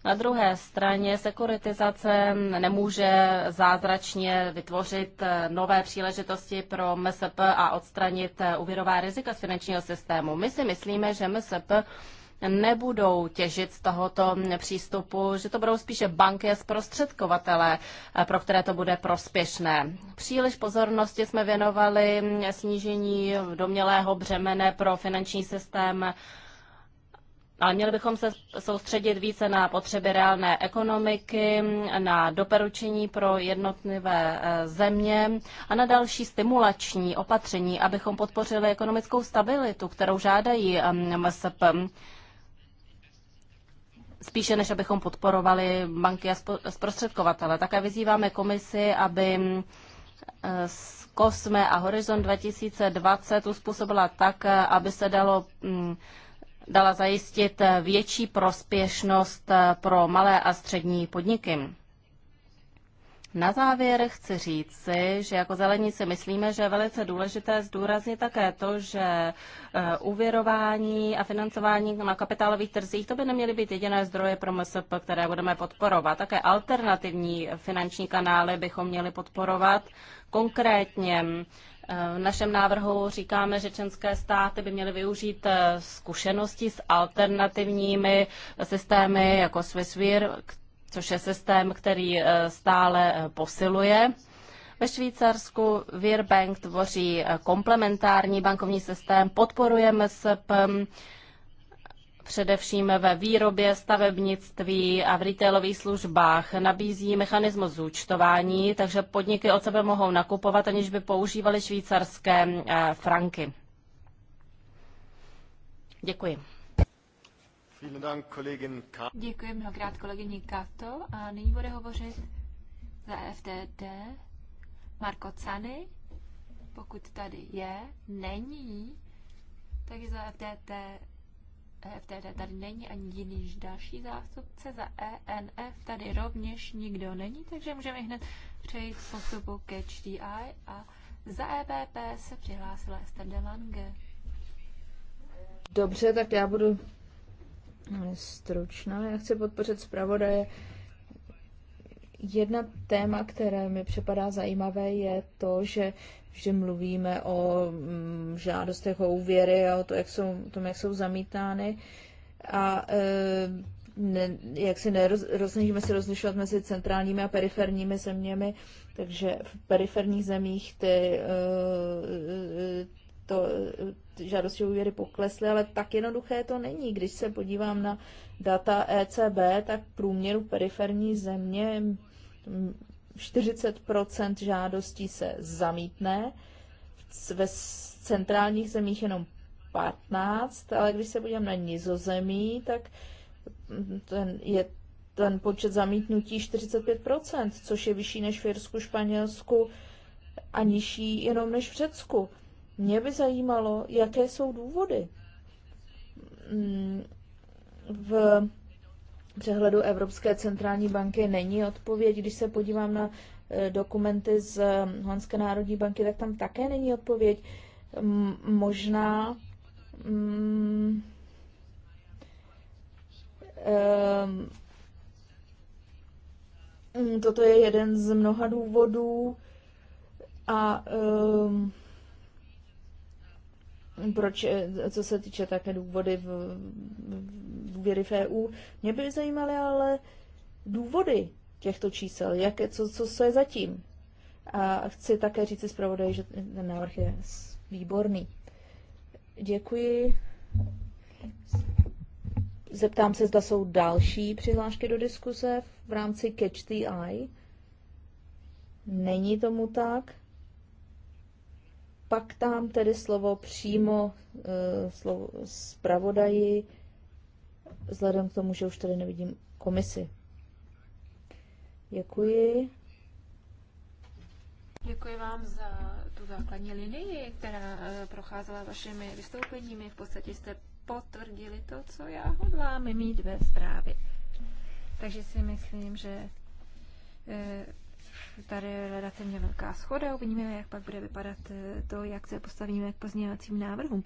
Na druhé straně sekuritizace nemůže zázračně vytvořit eh, nové příležitosti pro MSP a odstranit eh, úvěrová rizika z finančního systému. My si myslíme, že MSP nebudou těžit z tohoto přístupu, že to budou spíše banky a zprostředkovatele, eh, pro které to bude prospěšné. Příliš pozornosti jsme věnovali snížení domělého břemene pro finanční systém ale měli bychom se soustředit více na potřeby reálné ekonomiky, na doporučení pro jednotlivé e, země a na další stimulační opatření, abychom podpořili ekonomickou stabilitu, kterou žádají e, MSP spíše než abychom podporovali banky a zprostředkovatele. Také vyzýváme komisi, aby z e, Kosme a Horizon 2020 uspůsobila tak, aby se dalo dala zajistit eh, větší prospěšnost eh, pro malé a střední podniky. Na závěr chci si, že jako zelení si myslíme, že je velice důležité zdůraznit také to, že uvěrování eh, a financování na kapitálových trzích to by neměly být jediné zdroje pro MSP, které budeme podporovat. Také alternativní finanční kanály bychom měli podporovat, konkrétně v našem návrhu říkáme, že členské státy by měly využít eh, zkušenosti s alternativními systémy jako Swisswear, což je systém, který eh, stále eh, posiluje. Ve Švýcarsku Virbank tvoří komplementární bankovní systém, podporujeme SPM, především ve výrobě, stavebnictví a v retailových službách. Nabízí mechanismus zúčtování, takže podniky od sebe mohou nakupovat, aniž by používali švýcarské eh, franky. Děkuji. Děkuji mnohokrát kolegyni Kato a nyní bude hovořit za FDD Marko Cany, pokud tady je, není, takže za FDD EFTD tady není ani jiný další zástupce za ENF, tady rovněž nikdo není, takže můžeme hned přejít k postupu ke HDI a za EPP se přihlásila Esther de Lange. Dobře, tak já budu mm, stručná. Já chci podpořit zpravodaje Jedna téma, které mi připadá zajímavé, je to, že že mluvíme o mm, žádostech o úvěry a o, to, jak jsou, tom, jak jsou zamítány. A e, ne, jak si nerozlišujeme se rozlišovat mezi centrálními a periferními zeměmi, takže v periferních zemích ty, e, to eh, žádosti o úvěry poklesly, ale tak jednoduché to není. Když se podívám na data ECB, tak v průměru periferní země 40 žádostí se zamítne, ve centrálních zemích jenom 15, ale když se podívám na nizozemí, tak hm, ten je ten počet zamítnutí 45%, což je vyšší než v Irsku, Španělsku a nižší jenom než v Řecku. Mě by zajímalo, jaké jsou důvody. Mm, v přehledu Evropské centrální banky není odpověď. Když se podívám na eh, dokumenty z eh, Honské národní banky, tak tam také není odpověď. Možná um, toto je jeden z mnoha důvodů a um, proč, eh, co se týče také důvody v, důvěry v EU. Mě by zajímaly ale důvody těchto čísel, jak, co, co se je zatím. A chci také říct zpravodaj, že ten návrh je výborný. Děkuji. Zeptám se, zda jsou další přihlášky do diskuse v rámci Catch the Eye. Není tomu tak pak tam tedy slovo přímo eh, slovo zpravodaji, vzhledem k tomu, že už tady nevidím komisi. Děkuji. Děkuji vám za tu základní linii, která eh, procházela vašimi vystoupeními. V podstatě jste potvrdili to, co já hodlám mít ve zprávě. Takže si myslím, že eh, tady je relativně velká schoda. Uvidíme, jak pak bude vypadat eh, to, jak se postavíme k pozměňovacím návrhům.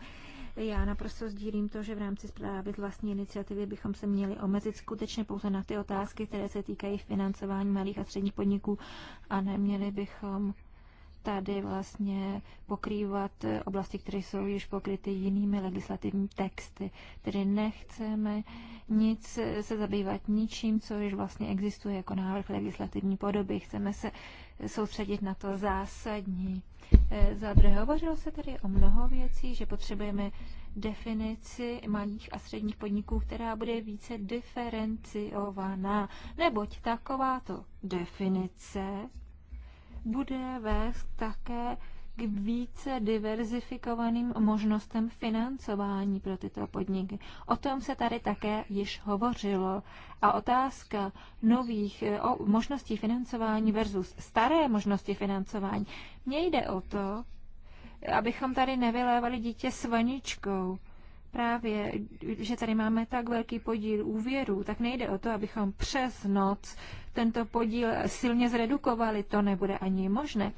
Já naprosto sdílím to, že v rámci zprávy vlastní iniciativy bychom se měli omezit skutečně pouze na ty otázky, které se týkají financování malých a středních podniků a neměli bychom tady vlastně pokrývat eh, oblasti, které jsou již pokryty jinými legislativní texty. Tedy nechceme nic eh, se zabývat ničím, co již vlastně existuje jako návrh legislativní podoby. Chceme se soustředit na to zásadní. Eh, za druhé, hovořilo se tady o mnoho věcí, že potřebujeme definici malých a středních podniků, která bude více diferenciovaná, neboť takováto definice bude vést také k více diverzifikovaným možnostem financování pro tyto podniky. O tom se tady také již hovořilo. A otázka nových eh, o možností financování versus staré možnosti financování. Mně jde o to, abychom tady nevylévali dítě s vaničkou právě, že tady máme tak velký podíl úvěrů, tak nejde o to, abychom přes noc tento podíl silně zredukovali, to nebude ani možné.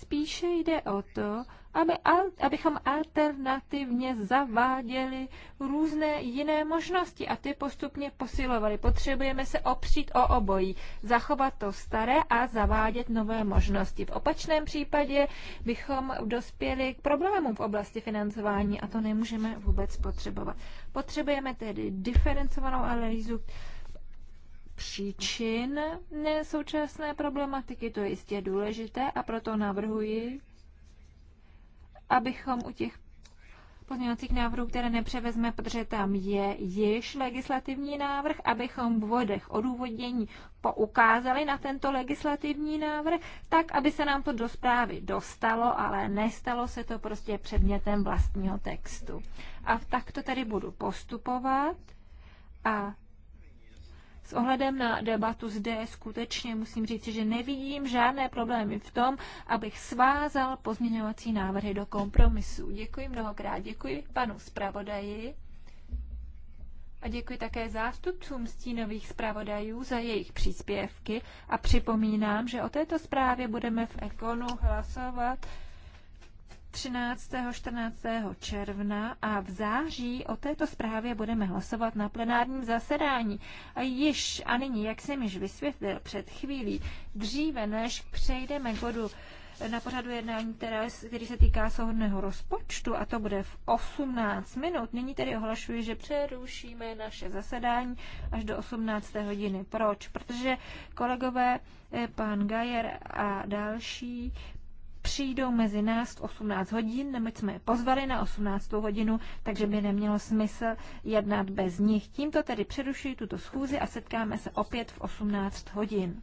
Spíše jde o to, aby, abychom alternativně zaváděli různé jiné možnosti a ty postupně posilovali. Potřebujeme se opřít o obojí, zachovat to staré a zavádět nové možnosti. V opačném případě bychom dospěli k problémům v oblasti financování a to nemůžeme vůbec potřebovat. Potřebujeme tedy diferencovanou analýzu, příčin současné problematiky, to je jistě důležité a proto navrhuji, abychom u těch pozměňovacích návrhů, které nepřevezme, protože tam je již legislativní návrh, abychom v vodech odůvodnění poukázali na tento legislativní návrh, tak, aby se nám to do zprávy dostalo, ale nestalo se to prostě předmětem vlastního textu. A takto tady budu postupovat a s ohledem na debatu zde skutečně musím říct, že nevidím žádné problémy v tom, abych svázal pozměňovací návrhy do kompromisu. Děkuji mnohokrát, děkuji panu zpravodaji. A děkuji také zástupcům stínových zpravodajů za jejich příspěvky a připomínám, že o této zprávě budeme v Ekonu hlasovat 13. 14. června a v září o této zprávě budeme hlasovat na plenárním zasedání. A již a nyní, jak jsem již vysvětlil před chvílí, dříve než přejdeme k bodu na pořadu jednání, které, který se týká souhodného rozpočtu, a to bude v 18 minut. Nyní tedy ohlašuji, že přerušíme naše zasedání až do 18. hodiny. Proč? Protože kolegové, eh, pan Gajer a další přijdou mezi nás v 18 hodin, neboť jsme je pozvali na 18. hodinu, takže by nemělo smysl jednat bez nich. Tímto tedy přerušuji tuto schůzi a setkáme se opět v 18 hodin.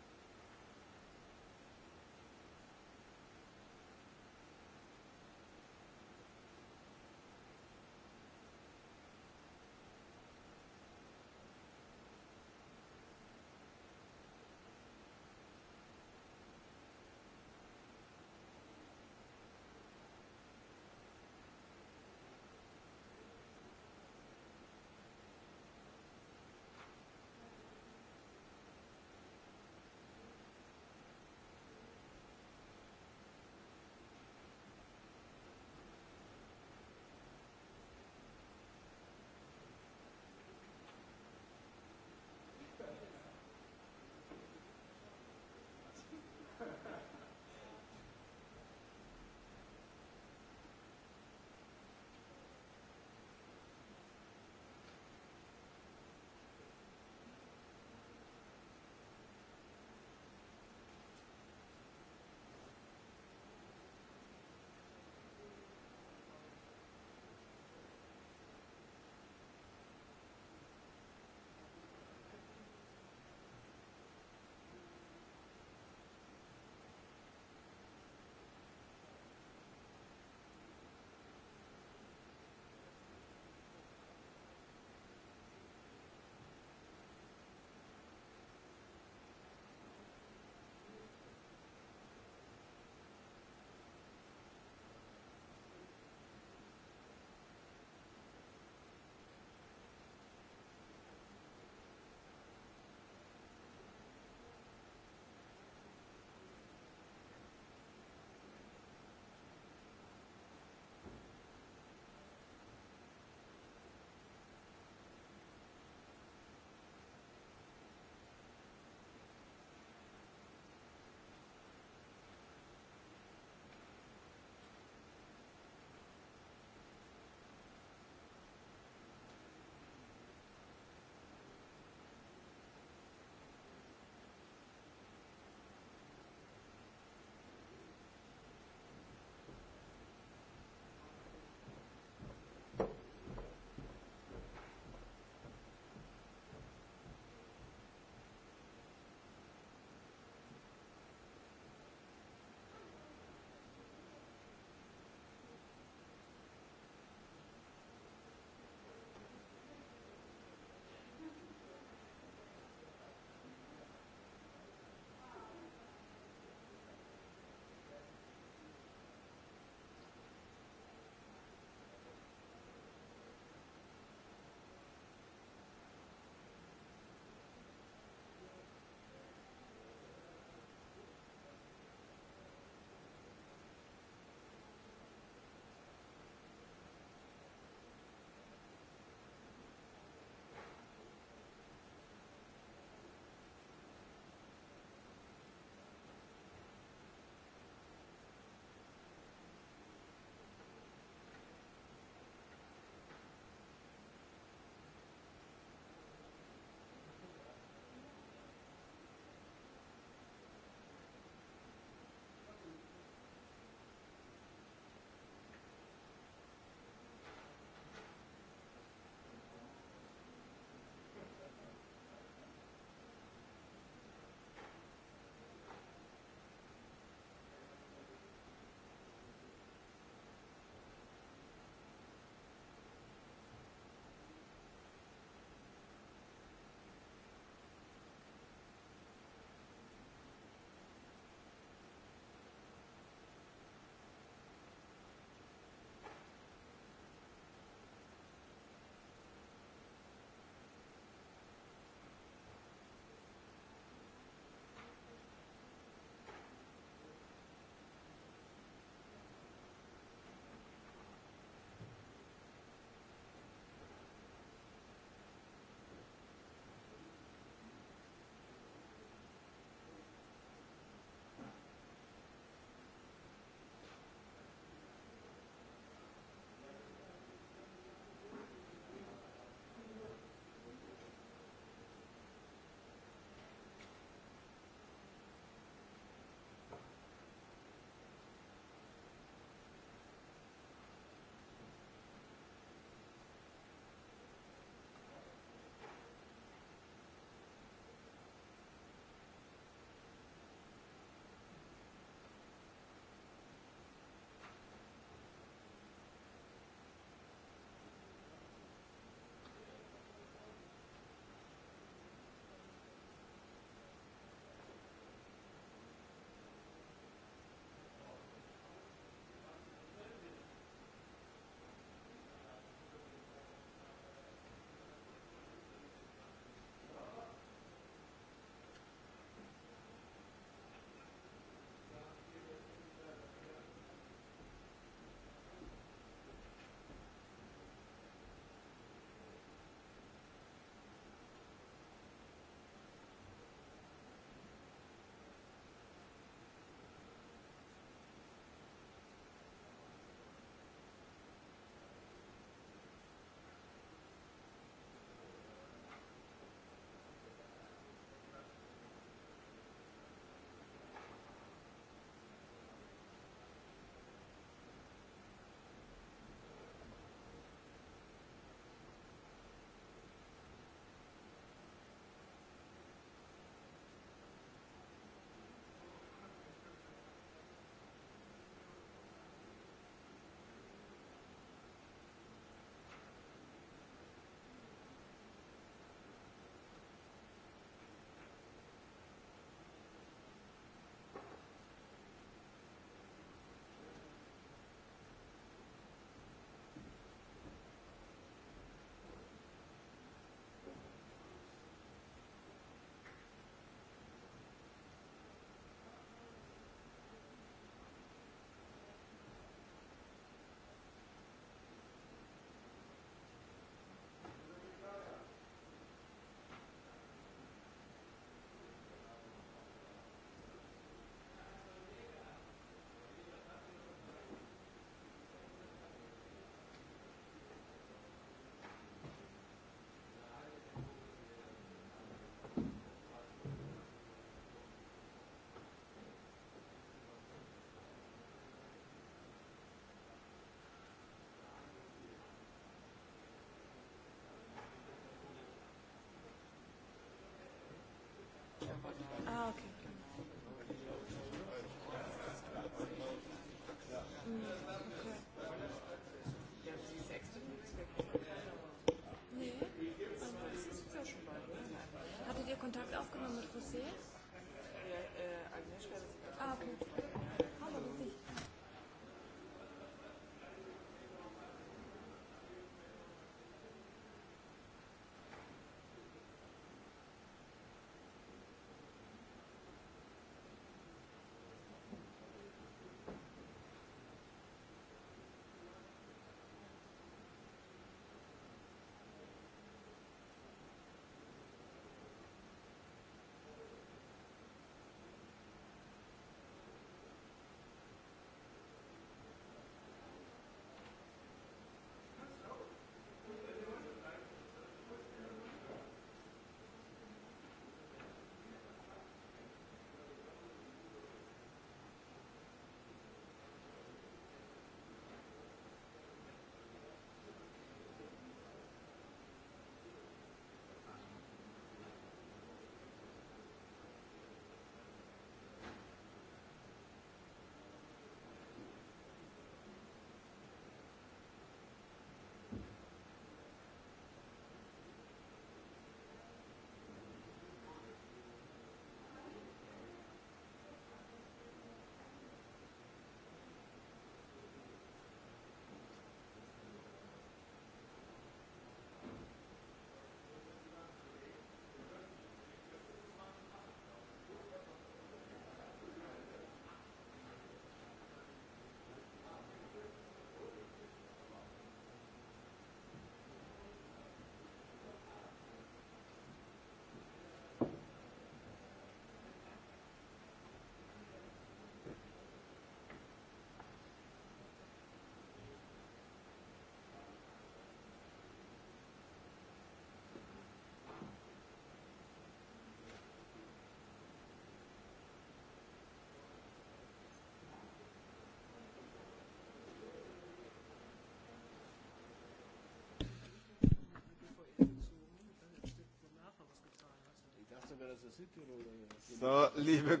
So, no, liebe.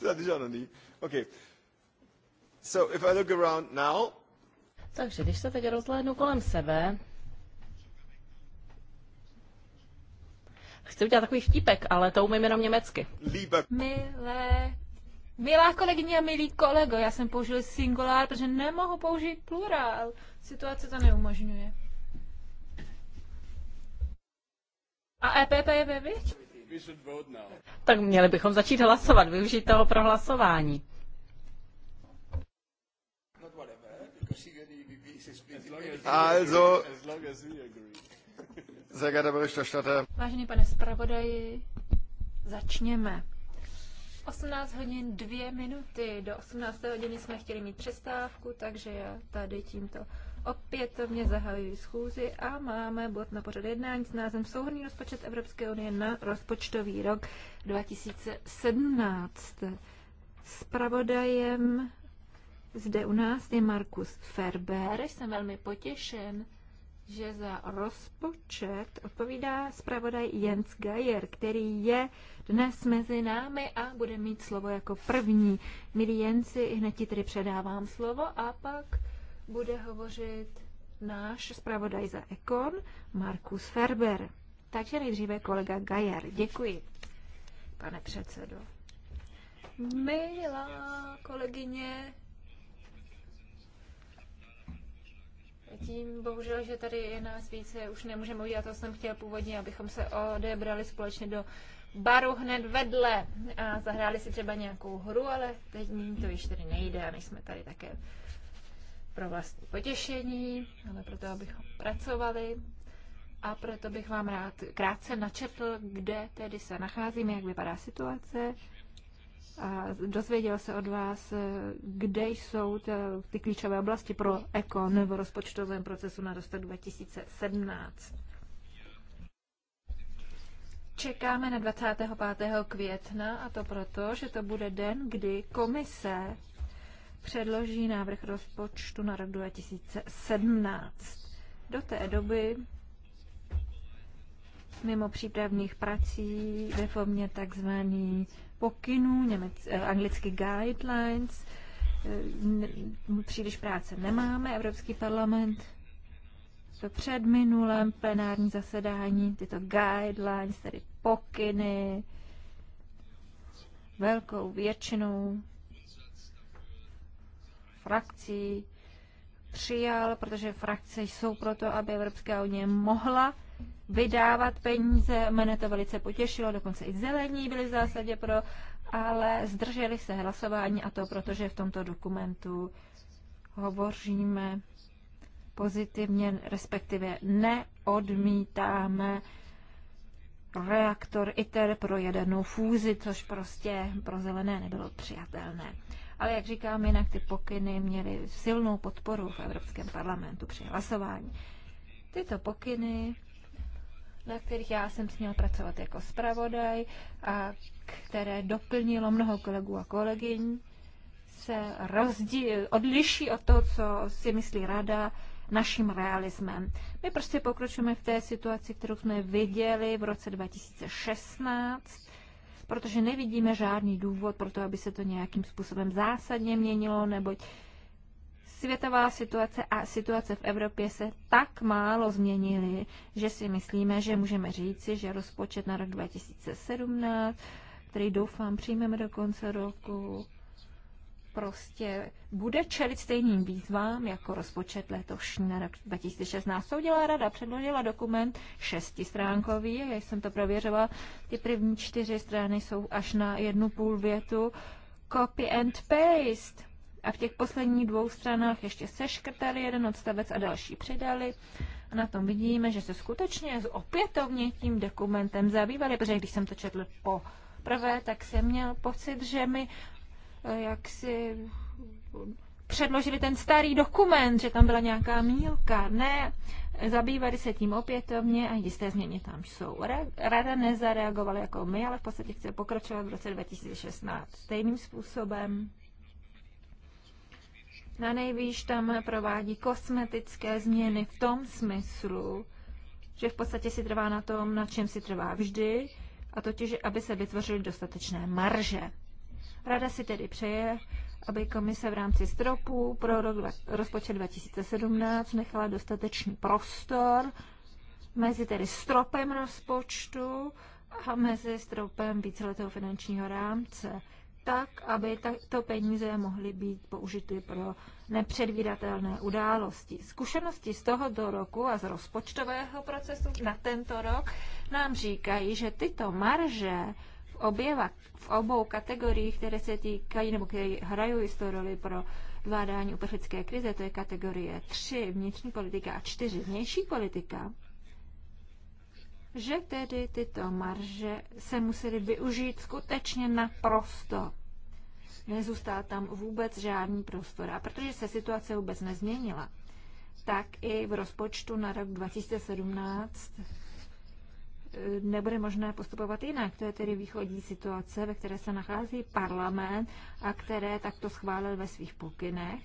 das hatte ich auch noch nie. Okay. So, if I look around now. Takže když se teď rozhlédnu kolem sebe, chci udělat takový vtipek, ale to umím jenom německy. Liebe. Milé Milá kolegyně a milý kolego, já jsem použil singulár, protože nemohu použít plurál. Situace to neumožňuje. A EPP je ve většině. Tak měli bychom začít hlasovat, využít toho pro hlasování. Also, Vážený pane zpravodaji, začněme. 18 hodin 2 minuty. Do 18 hodiny jsme chtěli mít přestávku, takže já tady tímto Opětovně zahajuji schůzi a máme bod na pořad jednání s názvem Souhrný rozpočet Evropské unie na rozpočtový rok 2017. Spravodajem zde u nás je Markus Ferber. Jsem velmi potěšen, že za rozpočet odpovídá zpravodaj Jens Geier, který je dnes mezi námi a bude mít slovo jako první. Milí Jensi, hned ti tedy předávám slovo a pak bude hovořit náš zpravodaj za Ekon, Markus Ferber. Takže nejdříve kolega Gajer. Děkuji, pane předsedo. Milá kolegyně, Tím bohužel, že tady je nás více, už nemůžeme udělat, to jsem chtěl původně, abychom se odebrali společně do baru hned vedle a zahráli si třeba nějakou hru, ale teď to již tady nejde a nejsme tady také pro vlastní potěšení, ale proto, abychom pracovali. A proto bych vám rád krátce načetl, kde tedy se nacházíme, jak vypadá situace. A dozvěděl se od vás, kde jsou ty, ty klíčové oblasti pro ekon v rozpočtovém procesu na rok 2017. Čekáme na 25. května a to proto, že to bude den, kdy komise předloží návrh rozpočtu na rok 2017. Do té doby mimo přípravných prací ve formě tzv. pokynů, němec, eh, anglicky guidelines, eh, příliš práce nemáme. Evropský parlament to před minulém plenární zasedání tyto guidelines, tedy pokyny, velkou většinou frakcí přijal, protože frakce jsou proto, aby Evropská unie mohla vydávat peníze. Mene to velice potěšilo, dokonce i zelení byli v zásadě pro, ale zdrželi se hlasování a to protože v tomto dokumentu hovoříme pozitivně, respektive neodmítáme reaktor ITER pro jadernou fúzi, což prostě pro zelené nebylo přijatelné ale jak říkám, jinak ty pokyny měly silnou podporu v Evropském parlamentu při hlasování. Tyto pokyny na kterých já jsem směl pracovat jako zpravodaj a které doplnilo mnoho kolegů a kolegyň, se rozdíl, odliší od toho, co si myslí rada, naším realismem. My prostě pokročujeme v té situaci, kterou jsme viděli v roce 2016, protože nevidíme žádný důvod pro to, aby se to nějakým způsobem zásadně měnilo, neboť světová situace a situace v Evropě se tak málo změnily, že si myslíme, že můžeme říci, že rozpočet na rok 2017, který doufám přijmeme do konce roku, prostě bude čelit stejným výzvám jako rozpočet letošní na rok 2016. To udělá rada, předložila dokument šestistránkový, já jsem to prověřovala, ty první čtyři strany jsou až na jednu půl větu, copy and paste. A v těch posledních dvou stranách ještě seškrtali jeden odstavec a další přidali. A na tom vidíme, že se skutečně opětovně tím dokumentem zabývali, protože když jsem to četl po prvé, tak jsem měl pocit, že mi Eh, jak si předložili ten starý dokument, že tam byla nějaká mílka. Ne, zabývali se tím opětovně a jisté změny tam jsou. Rada nezareagovala jako my, ale v podstatě chce pokračovat v roce 2016 stejným způsobem. Na nejvýš tam provádí kosmetické změny v tom smyslu, že v podstatě si trvá na tom, na čem si trvá vždy, a totiž, aby se vytvořily dostatečné marže. Rada si tedy přeje, aby komise v rámci stropů pro rok rozpočet 2017 nechala dostatečný prostor mezi tedy stropem rozpočtu a mezi stropem víceletého finančního rámce, tak, aby tyto peníze mohly být použity pro nepředvídatelné události. Zkušenosti z tohoto roku a z rozpočtového procesu na tento rok nám říkají, že tyto marže oběva, v obou kategoriích, které se týkají nebo které hrají jistou roli pro zvládání uprchlické krize, to je kategorie 3 vnitřní politika a 4 vnější politika, že tedy tyto marže se musely využít skutečně naprosto. Nezůstal tam vůbec žádný prostor. A protože se situace vůbec nezměnila, tak i v rozpočtu na rok 2017 nebude možné postupovat jinak. To je tedy východní situace, ve které se nachází parlament a které takto schválil ve svých pokynech,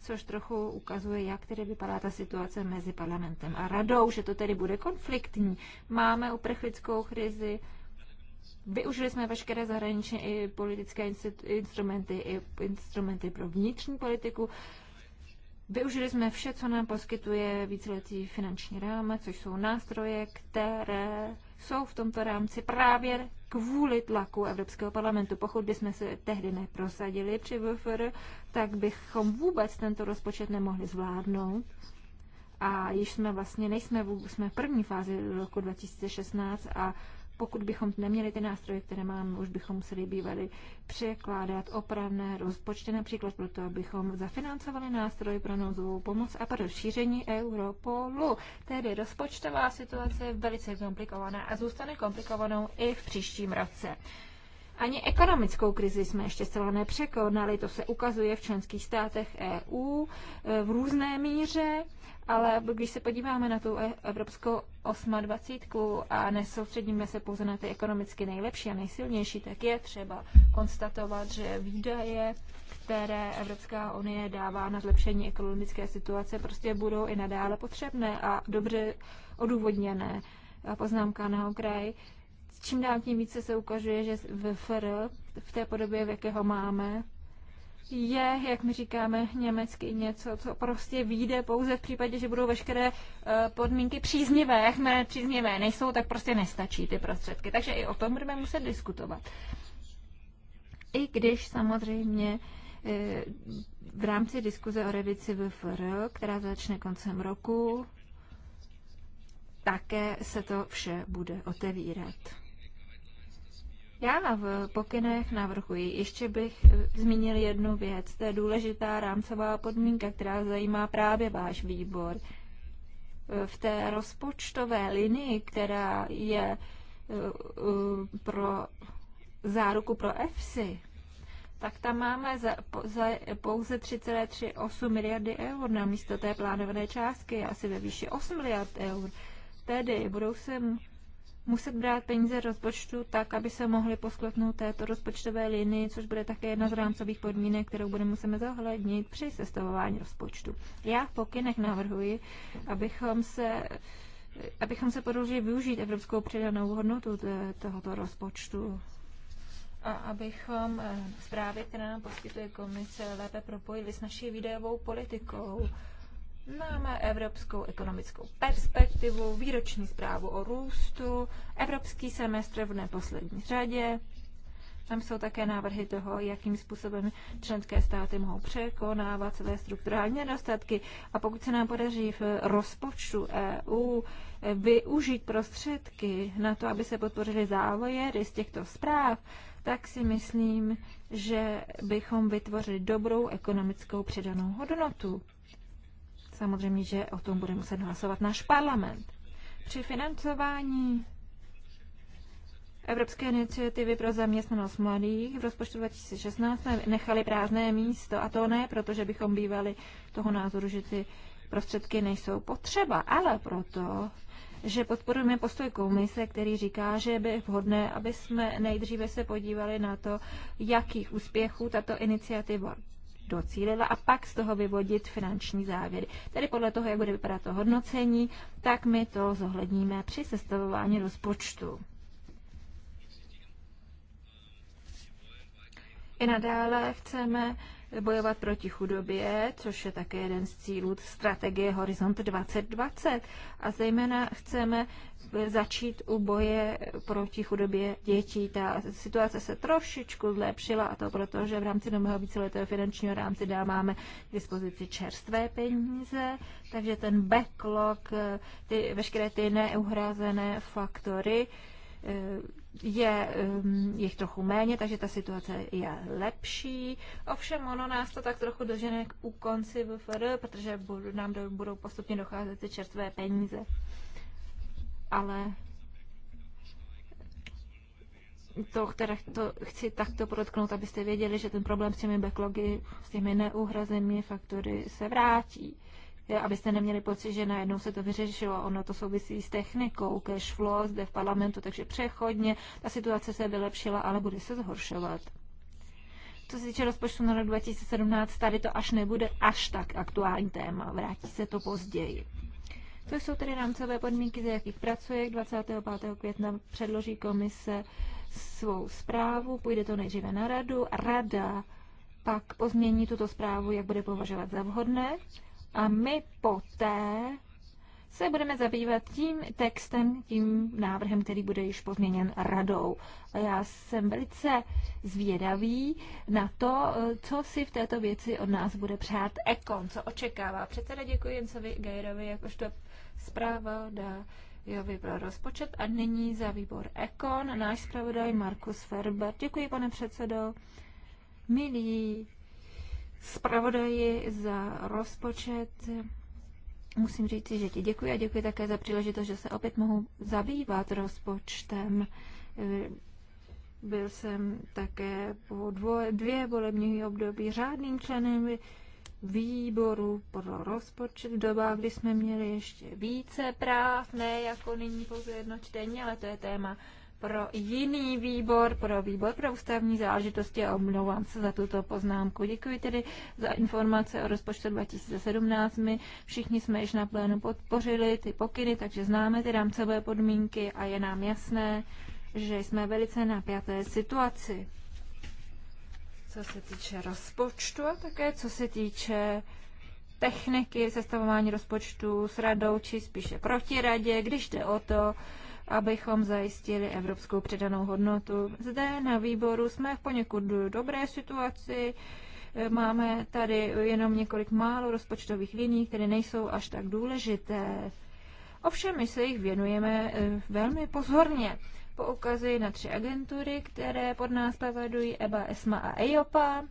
což trochu ukazuje, jak tedy vypadá ta situace mezi parlamentem a radou, že to tedy bude konfliktní. Máme uprchlickou krizi, Využili jsme veškeré zahraniční i politické instrumenty, i instrumenty pro vnitřní politiku, Využili jsme vše, co nám poskytuje víceletý finanční rámec, což jsou nástroje, které jsou v tomto rámci právě kvůli tlaku Evropského parlamentu. Pokud bychom se tehdy neprosadili při VFR, tak bychom vůbec tento rozpočet nemohli zvládnout. A již jsme vlastně, nejsme, jsme v první fázi roku 2016 a pokud bychom neměli ty nástroje, které máme, už bychom museli bývali překládat opravné rozpočty, například proto, abychom zafinancovali nástroj pro nouzovou pomoc a pro šíření Europolu. Tedy rozpočtová situace je velice komplikovaná a zůstane komplikovanou i v příštím roce. Ani ekonomickou krizi jsme ještě zcela nepřekonali, to se ukazuje v členských státech EU e, v různé míře, ale když se podíváme na tu evropskou 28 a nesoustředíme se pouze na ty ekonomicky nejlepší a nejsilnější, tak je třeba konstatovat, že výdaje, které Evropská unie dává na zlepšení ekonomické situace, prostě budou i nadále potřebné a dobře odůvodněné. A poznámka na okraj čím dál tím více se ukazuje, že VFR v té podobě, v jaké ho máme, je, jak my říkáme německy, něco, co prostě vyjde pouze v případě, že budou veškeré eh, podmínky příznivé. Jak mé příznivé nejsou, tak prostě nestačí ty prostředky. Takže i o tom budeme muset diskutovat. I když samozřejmě eh, v rámci diskuze o revici VFR, která začne koncem roku, také se to vše bude otevírat. Já v pokynech navrhuji, ještě bych eh, zmínil jednu věc, to je důležitá rámcová podmínka, která zajímá právě váš výbor. Eh, v té rozpočtové linii, která je eh, pro záruku pro EFSI, tak tam máme za, za pouze 3,38 miliardy eur na místo té plánované částky, asi ve výši 8 miliard eur. Tedy budou se muset brát peníze rozpočtu tak, aby se mohly poskletnout této rozpočtové linii, což bude také jedna z rámcových podmínek, kterou budeme muset zohlednit při sestavování rozpočtu. Já v pokynech navrhuji, abychom se abychom se podružili využít evropskou přidanou hodnotu tohoto rozpočtu a abychom eh, zprávy, které nám poskytuje komise, lépe propojili s naší videovou politikou Máme evropskou ekonomickou perspektivu, výroční zprávu o růstu, evropský semestr v neposlední řadě. Tam jsou také návrhy toho, jakým způsobem členské státy mohou překonávat své strukturální nedostatky. A pokud se nám podaří v rozpočtu EU využít prostředky na to, aby se podpořili závoje z těchto zpráv, tak si myslím, že bychom vytvořili dobrou ekonomickou přidanou hodnotu. Samozřejmě, že o tom bude muset hlasovat náš parlament. Při financování Evropské iniciativy pro zaměstnanost mladých v rozpočtu 2016 jsme nechali prázdné místo a to ne, protože bychom bývali toho názoru, že ty prostředky nejsou potřeba, ale proto, že podporujeme postoj komise, který říká, že by vhodné, aby jsme nejdříve se podívali na to, jakých úspěchů tato iniciativa docílila a pak z toho vyvodit finanční závěry. Tedy podle toho, jak bude vypadat to hodnocení, tak my to zohledníme při sestavování rozpočtu. I nadále chceme bojovat proti chudobě, což je také jeden z cílů strategie Horizont 2020. A zejména chceme začít u boje proti chudobě dětí. Ta situace se trošičku zlepšila a to proto, že v rámci nového víceletého finančního rámce dáváme k dispozici čerstvé peníze, takže ten backlog, ty, veškeré ty neuhrazené faktory, eh, je um, jich trochu méně, takže ta situace je lepší. Ovšem ono nás to tak trochu dožene k u konci VFR, protože budu, nám do, budou postupně docházet ty čerstvé peníze. Ale to, které to chci takto protknout, abyste věděli, že ten problém s těmi backlogy, s těmi neuhrazenými faktory se vrátí abyste neměli pocit, že najednou se to vyřešilo. Ono to souvisí s technikou, cash flow zde v parlamentu, takže přechodně ta situace se vylepšila, ale bude se zhoršovat. Co se týče rozpočtu na rok 2017, tady to až nebude až tak aktuální téma. Vrátí se to později. To jsou tedy rámcové podmínky, ze jakých pracuje. 25. května předloží komise svou zprávu, půjde to nejdříve na radu. Rada pak pozmění tuto zprávu, jak bude považovat za vhodné. A my poté se budeme zabývat tím textem, tím návrhem, který bude již pozměněn radou. A já jsem velice zvědavý na to, co si v této věci od nás bude přát Ekon, co očekává. Předseda děkuji Jencovi Gejrovi, jakožto zpráva dá Jovi pro rozpočet a nyní za výbor Ekon náš zpravodaj Markus Ferber. Děkuji, pane předsedo. Milí zpravodaji za rozpočet. Musím říct, že ti děkuji a děkuji také za příležitost, že se opět mohu zabývat rozpočtem. Byl jsem také po dvo, dvě volební období řádným členem výboru pro rozpočet v dobách, kdy jsme měli ještě více práv, ne jako nyní pouze jedno čtení, ale to je téma, pro jiný výbor, pro výbor pro ústavní záležitosti a omlouvám se za tuto poznámku. Děkuji tedy za informace o rozpočtu 2017. My všichni jsme již na plénu podpořili ty pokyny, takže známe ty rámcové podmínky a je nám jasné, že jsme velice napjaté situaci, co se týče rozpočtu a také co se týče techniky sestavování rozpočtu s radou, či spíše proti radě, když jde o to, abychom zajistili evropskou přidanou hodnotu. Zde na výboru jsme v poněkud dobré situaci, máme tady jenom několik málo rozpočtových liní, které nejsou až tak důležité. Ovšem my se jich věnujeme eh, velmi pozorně. Poukazuji na tři agentury, které pod nás sledují EBA, ESMA a EIOPA.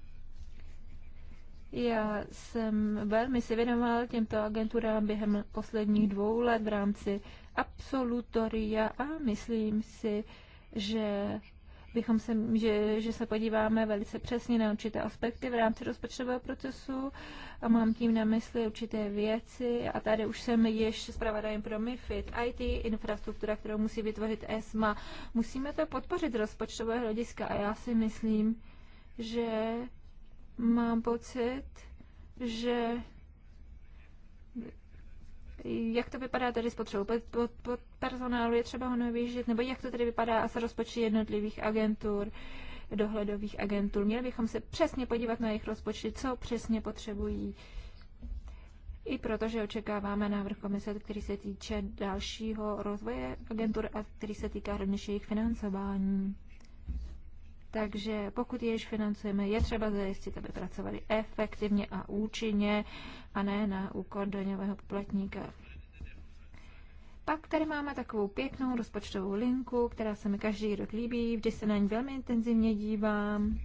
Já jsem velmi se věnoval těmto agenturám během posledních dvou let v rámci absolutoria a myslím si, že bychom se, že, že se podíváme velice přesně na určité aspekty v rámci rozpočtového procesu a mám tím na mysli určité věci a tady už jsem již zpravodajem pro MIFID, IT, infrastruktura, kterou musí vytvořit ESMA. Musíme to podpořit rozpočtového hlediska a já si myslím, že Mám pocit, že jak to vypadá tady s potřebou pod, pod, pod personálu, je třeba ho nevyžit? nebo jak to tady vypadá a s rozpočty jednotlivých agentur, dohledových agentur. Měli bychom se přesně podívat na jejich rozpočty, co přesně potřebují. I protože očekáváme návrh komise, který se týče dalšího rozvoje agentur a který se týká rovněž jejich financování. Takže pokud jež financujeme, je třeba zajistit, aby pracovali efektivně a účinně a ne na úkor daňového poplatníka. Pak tady máme takovou pěknou rozpočtovou linku, která se mi každý rok líbí, vždy se na ní velmi intenzivně dívám.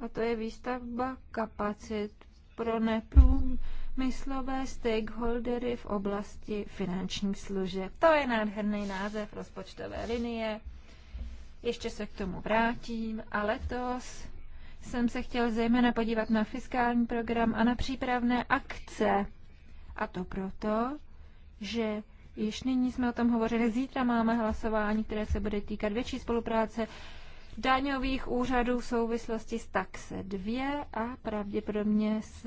A to je výstavba kapacit pro neprůmyslové stakeholdery v oblasti finančních služeb. To je nádherný název rozpočtové linie ještě se k tomu vrátím a letos jsem se chtěl zejména podívat na fiskální program a na přípravné akce. A to proto, že již nyní jsme o tom hovořili, zítra máme hlasování, které se bude týkat větší spolupráce daňových úřadů v souvislosti s taxe 2 a pravděpodobně s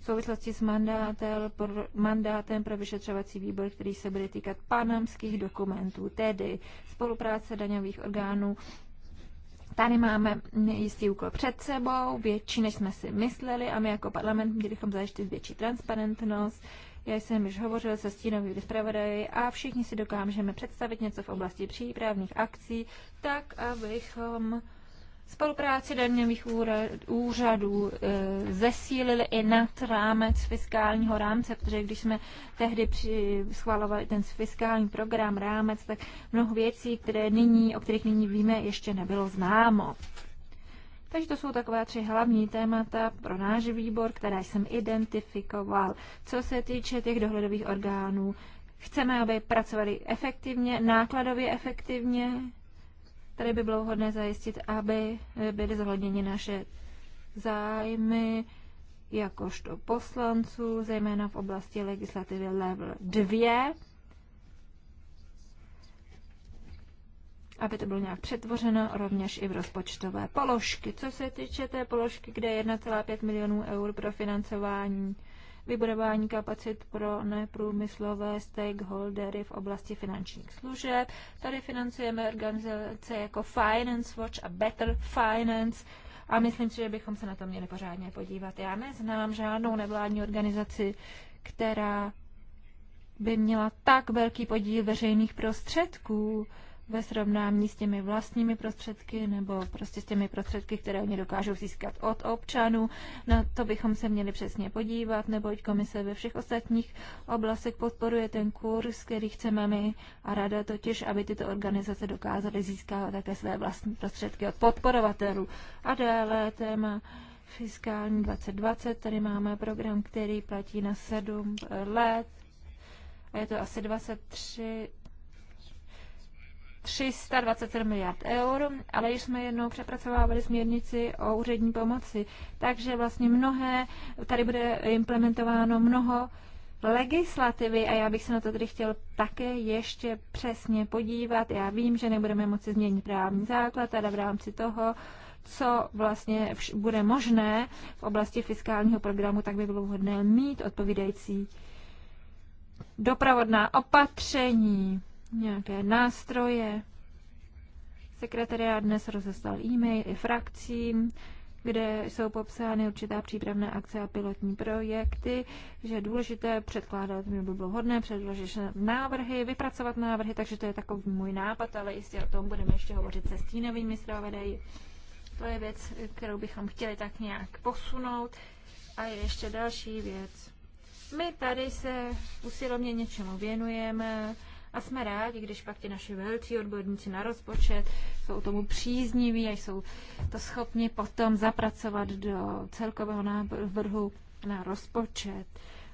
v souvislosti s mandátem pro, mandátem pro vyšetřovací výbor, který se bude týkat panamských dokumentů, tedy spolupráce daňových orgánů Tady máme jistý úkol před sebou, větší, než jsme si mysleli a my jako parlament měli bychom zajistit větší transparentnost. Já jsem již hovořil se stínovými zpravodaji a všichni si dokážeme představit něco v oblasti přípravných akcí, tak abychom Spolupráci daňových úřadů e, zesílili i nad rámec fiskálního rámce, protože když jsme tehdy při, schvalovali ten fiskální program rámec, tak mnoho věcí, které nyní, o kterých nyní víme, ještě nebylo známo. Takže to jsou taková tři hlavní témata pro náš výbor, které jsem identifikoval. Co se týče těch dohledových orgánů, chceme, aby pracovali efektivně, nákladově efektivně, Tady by bylo vhodné zajistit, aby byly zohledněny naše zájmy jakožto poslanců, zejména v oblasti legislativy level 2, aby to bylo nějak přetvořeno rovněž i v rozpočtové položky. Co se týče té položky, kde je 1,5 milionů eur pro financování vybudování kapacit pro neprůmyslové stakeholdery v oblasti finančních služeb. Tady financujeme organizace jako Finance Watch a Better Finance, a myslím si, že bychom se na to měli pořádně podívat. Já neznám žádnou nevládní organizaci, která by měla tak velký podíl veřejných prostředků ve srovnání s těmi vlastními prostředky nebo prostě s těmi prostředky, které oni dokážou získat od občanů. Na to bychom se měli přesně podívat, neboť komise ve všech ostatních oblastech podporuje ten kurz, který chceme my a rada totiž, aby tyto organizace dokázaly získávat také své vlastní prostředky od podporovatelů. A dále téma fiskální 2020, tady máme program, který platí na 7 let a je to asi 23 327 miliard eur, ale již jsme jednou přepracovávali směrnici o úřední pomoci. Takže vlastně mnohé, tady bude implementováno mnoho legislativy a já bych se na to tedy chtěl také ještě přesně podívat. Já vím, že nebudeme moci změnit právní základ, ale v rámci toho, co vlastně bude možné v oblasti fiskálního programu, tak by bylo vhodné mít odpovídající doprovodná opatření nějaké nástroje. Sekretariát dnes rozeslal e-mail i frakcím, kde jsou popsány určitá přípravné akce a pilotní projekty, že je důležité předkládat, by bylo hodné předložit návrhy, vypracovat návrhy, takže to je takový můj nápad, ale jistě o tom budeme ještě hovořit se stínovými zpravodaji. To je věc, kterou bychom chtěli tak nějak posunout. A je ještě další věc. My tady se usilovně něčemu věnujeme, a jsme rádi, když pak ti naši velcí odborníci na rozpočet jsou tomu přízniví a jsou to schopni potom zapracovat do celkového návrhu na rozpočet.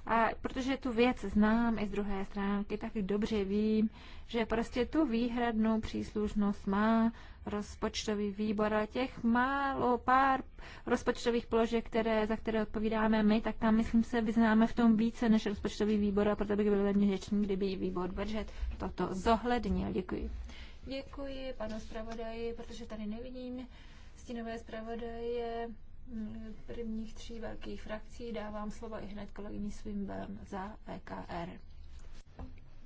A protože tu věc znám i z druhé stránky, tak dobře vím, že prostě tu výhradnou příslušnost má rozpočtový výbor, a těch málo pár rozpočtových položek, které, za které odpovídáme my, tak tam, myslím se, vyznáme v tom více než rozpočtový výbor a proto bych byl velmi řečný, kdyby výbor budget toto zohlednil. Děkuji. Děkuji panu zpravodaji, protože tady nevidím stínové zpravodaje mm, prvních tří velkých frakcí. Dávám slovo i hned kolegyni svým za EKR.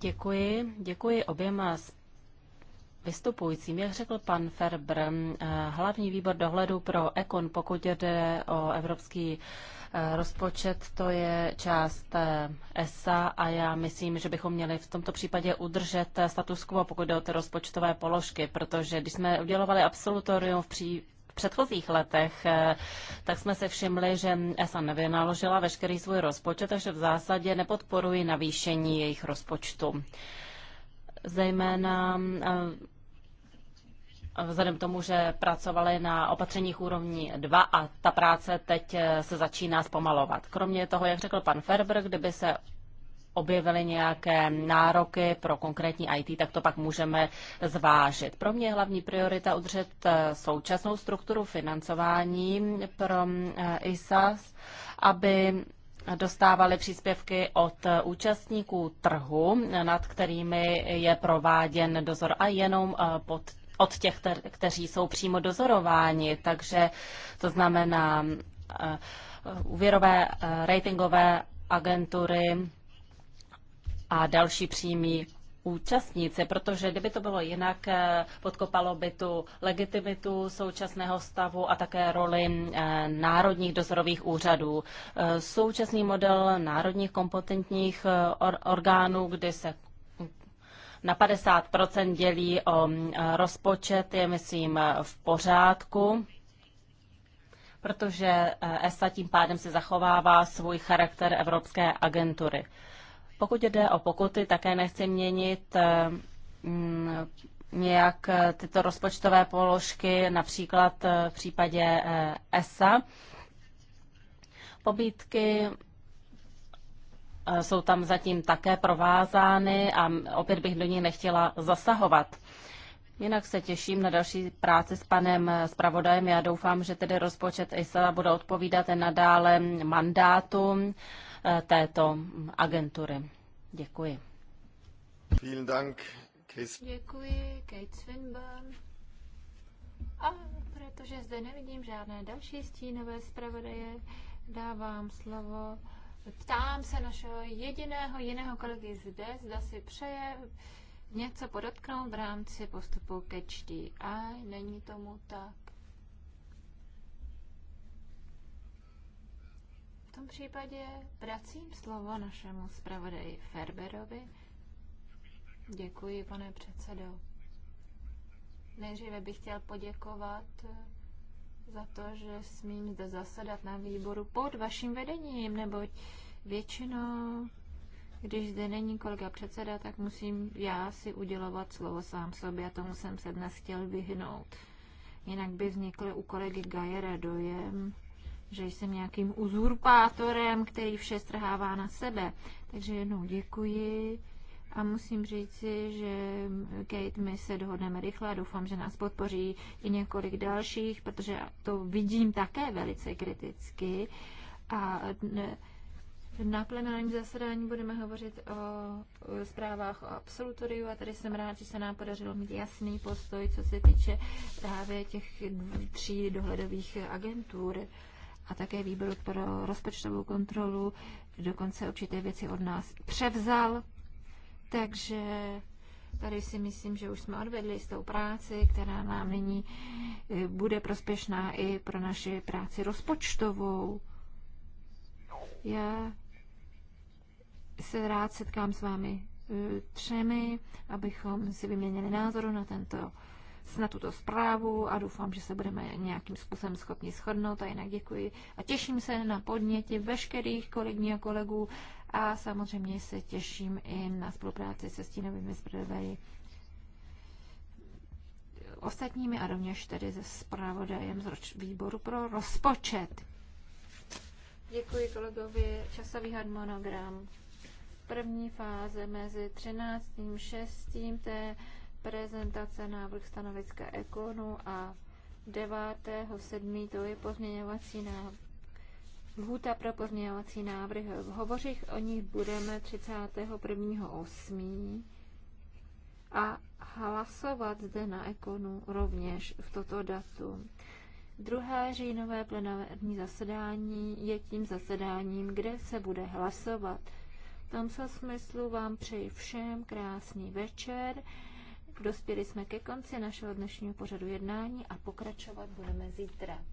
Děkuji, děkuji oběma vystupujícím. Jak řekl pan Ferber, eh, hlavní výbor dohledu pro Ekon, pokud jde o evropský eh, rozpočet, to je část ESA eh, a já myslím, že bychom měli v tomto případě udržet status quo, pokud jde o ty rozpočtové položky, protože když jsme udělovali absolutorium v pří v předchozích letech, tak jsme se všimli, že ESA nevynaložila veškerý svůj rozpočet, takže v zásadě nepodporuji navýšení jejich rozpočtu zejména eh, vzhledem k tomu, že pracovali na opatřeních úrovni 2 a ta práce teď eh, se začíná zpomalovat. Kromě toho, jak řekl pan Ferber, kdyby se objevily nějaké nároky pro konkrétní IT, tak to pak můžeme zvážit. Pro mě je hlavní priorita udržet eh, současnou strukturu financování pro ISAS, aby dostávali příspěvky od účastníků trhu, nad kterými je prováděn dozor a jenom eh, pod od těch, kteří jsou přímo dozorováni. Takže to znamená eh, úvěrové eh, ratingové agentury a další přímí účastníci, protože kdyby to bylo jinak, eh, podkopalo by tu legitimitu současného stavu a také roli eh, národních dozorových úřadů. Eh, současný model národních kompetentních orgánů, kdy se na 50 dělí o mm, rozpočet, je myslím v pořádku protože ESA tím pádem se zachovává svůj charakter evropské agentury. Pokud jde o pokuty, také nechci měnit eh, mm, nějak eh, tyto rozpočtové položky, například eh, v případě ESA. Pobítky jsou tam zatím také provázány a opět bych do ní nechtěla zasahovat. Jinak se těším na další práci s panem zpravodajem. Já doufám, že tedy rozpočet ISA bude odpovídat nadále mandátu Eh, této agentury. Děkuji. Vielen Dank, Děkuji, Kate Swinburne. A protože zde nevidím žádné další stínové zpravodaje, dávám slovo. Ptám se našeho jediného jiného kolegy zde, zda si přeje něco podotknout v rámci postupu ke čtí. A není tomu tak. V tom případě vracím slovo našemu zpravodaji Ferberovi. Děkuji, pane předsedo. Nejdříve bych chtěl poděkovat eh, za to, že smím zde zasedat na výboru pod vaším vedením, neboť většinou, když zde není kolega předseda, tak musím já si udělovat slovo sám sobě a tomu jsem se dnes chtěl vyhnout. Jinak by vznikl u kolegy Gajera dojem, že jsem nějakým uzurpátorem, který vše strhává na sebe. Takže jednou děkuji a musím říci, že Kate, my se dohodneme rychle a doufám, že nás podpoří i několik dalších, protože to vidím také velice kriticky. A na plenárním zasedání budeme hovořit o zprávách o absolutoriu a tady jsem rád, že se nám podařilo mít jasný postoj, co se týče právě těch tří dohledových agentur a také výbor pro rozpočtovou kontrolu dokonce určité věci od nás převzal. Takže tady si myslím, že už jsme odvedli s tou práci, která nám nyní eh, bude prospěšná i pro naši práci rozpočtovou. Já se rád setkám s vámi eh, třemi, abychom si vyměnili názoru na tento na tuto zprávu a doufám, že se budeme nějakým způsobem schopni shodnout a jinak děkuji a těším se na podněty veškerých kolegyní a kolegů a samozřejmě se těším i na spolupráci se stínovými zpravodaji ostatními a rovněž tedy se zpravodajem z výboru pro rozpočet. Děkuji kolegovi. Časový harmonogram. První fáze mezi 13. 6. té prezentace návrh stanoviska Ekonu a 9.7. to je pozměňovací návrh. Lhůta pro pozměňovací návrh. hovořích o nich budeme 31.8. a hlasovat zde na Ekonu rovněž v toto datum. Druhé říjnové plenární zasedání je tím zasedáním, kde se bude hlasovat. V tomto smyslu vám přeji všem krásný večer. Dospěli jsme ke konci našeho dnešního pořadu jednání a pokračovat budeme zítra.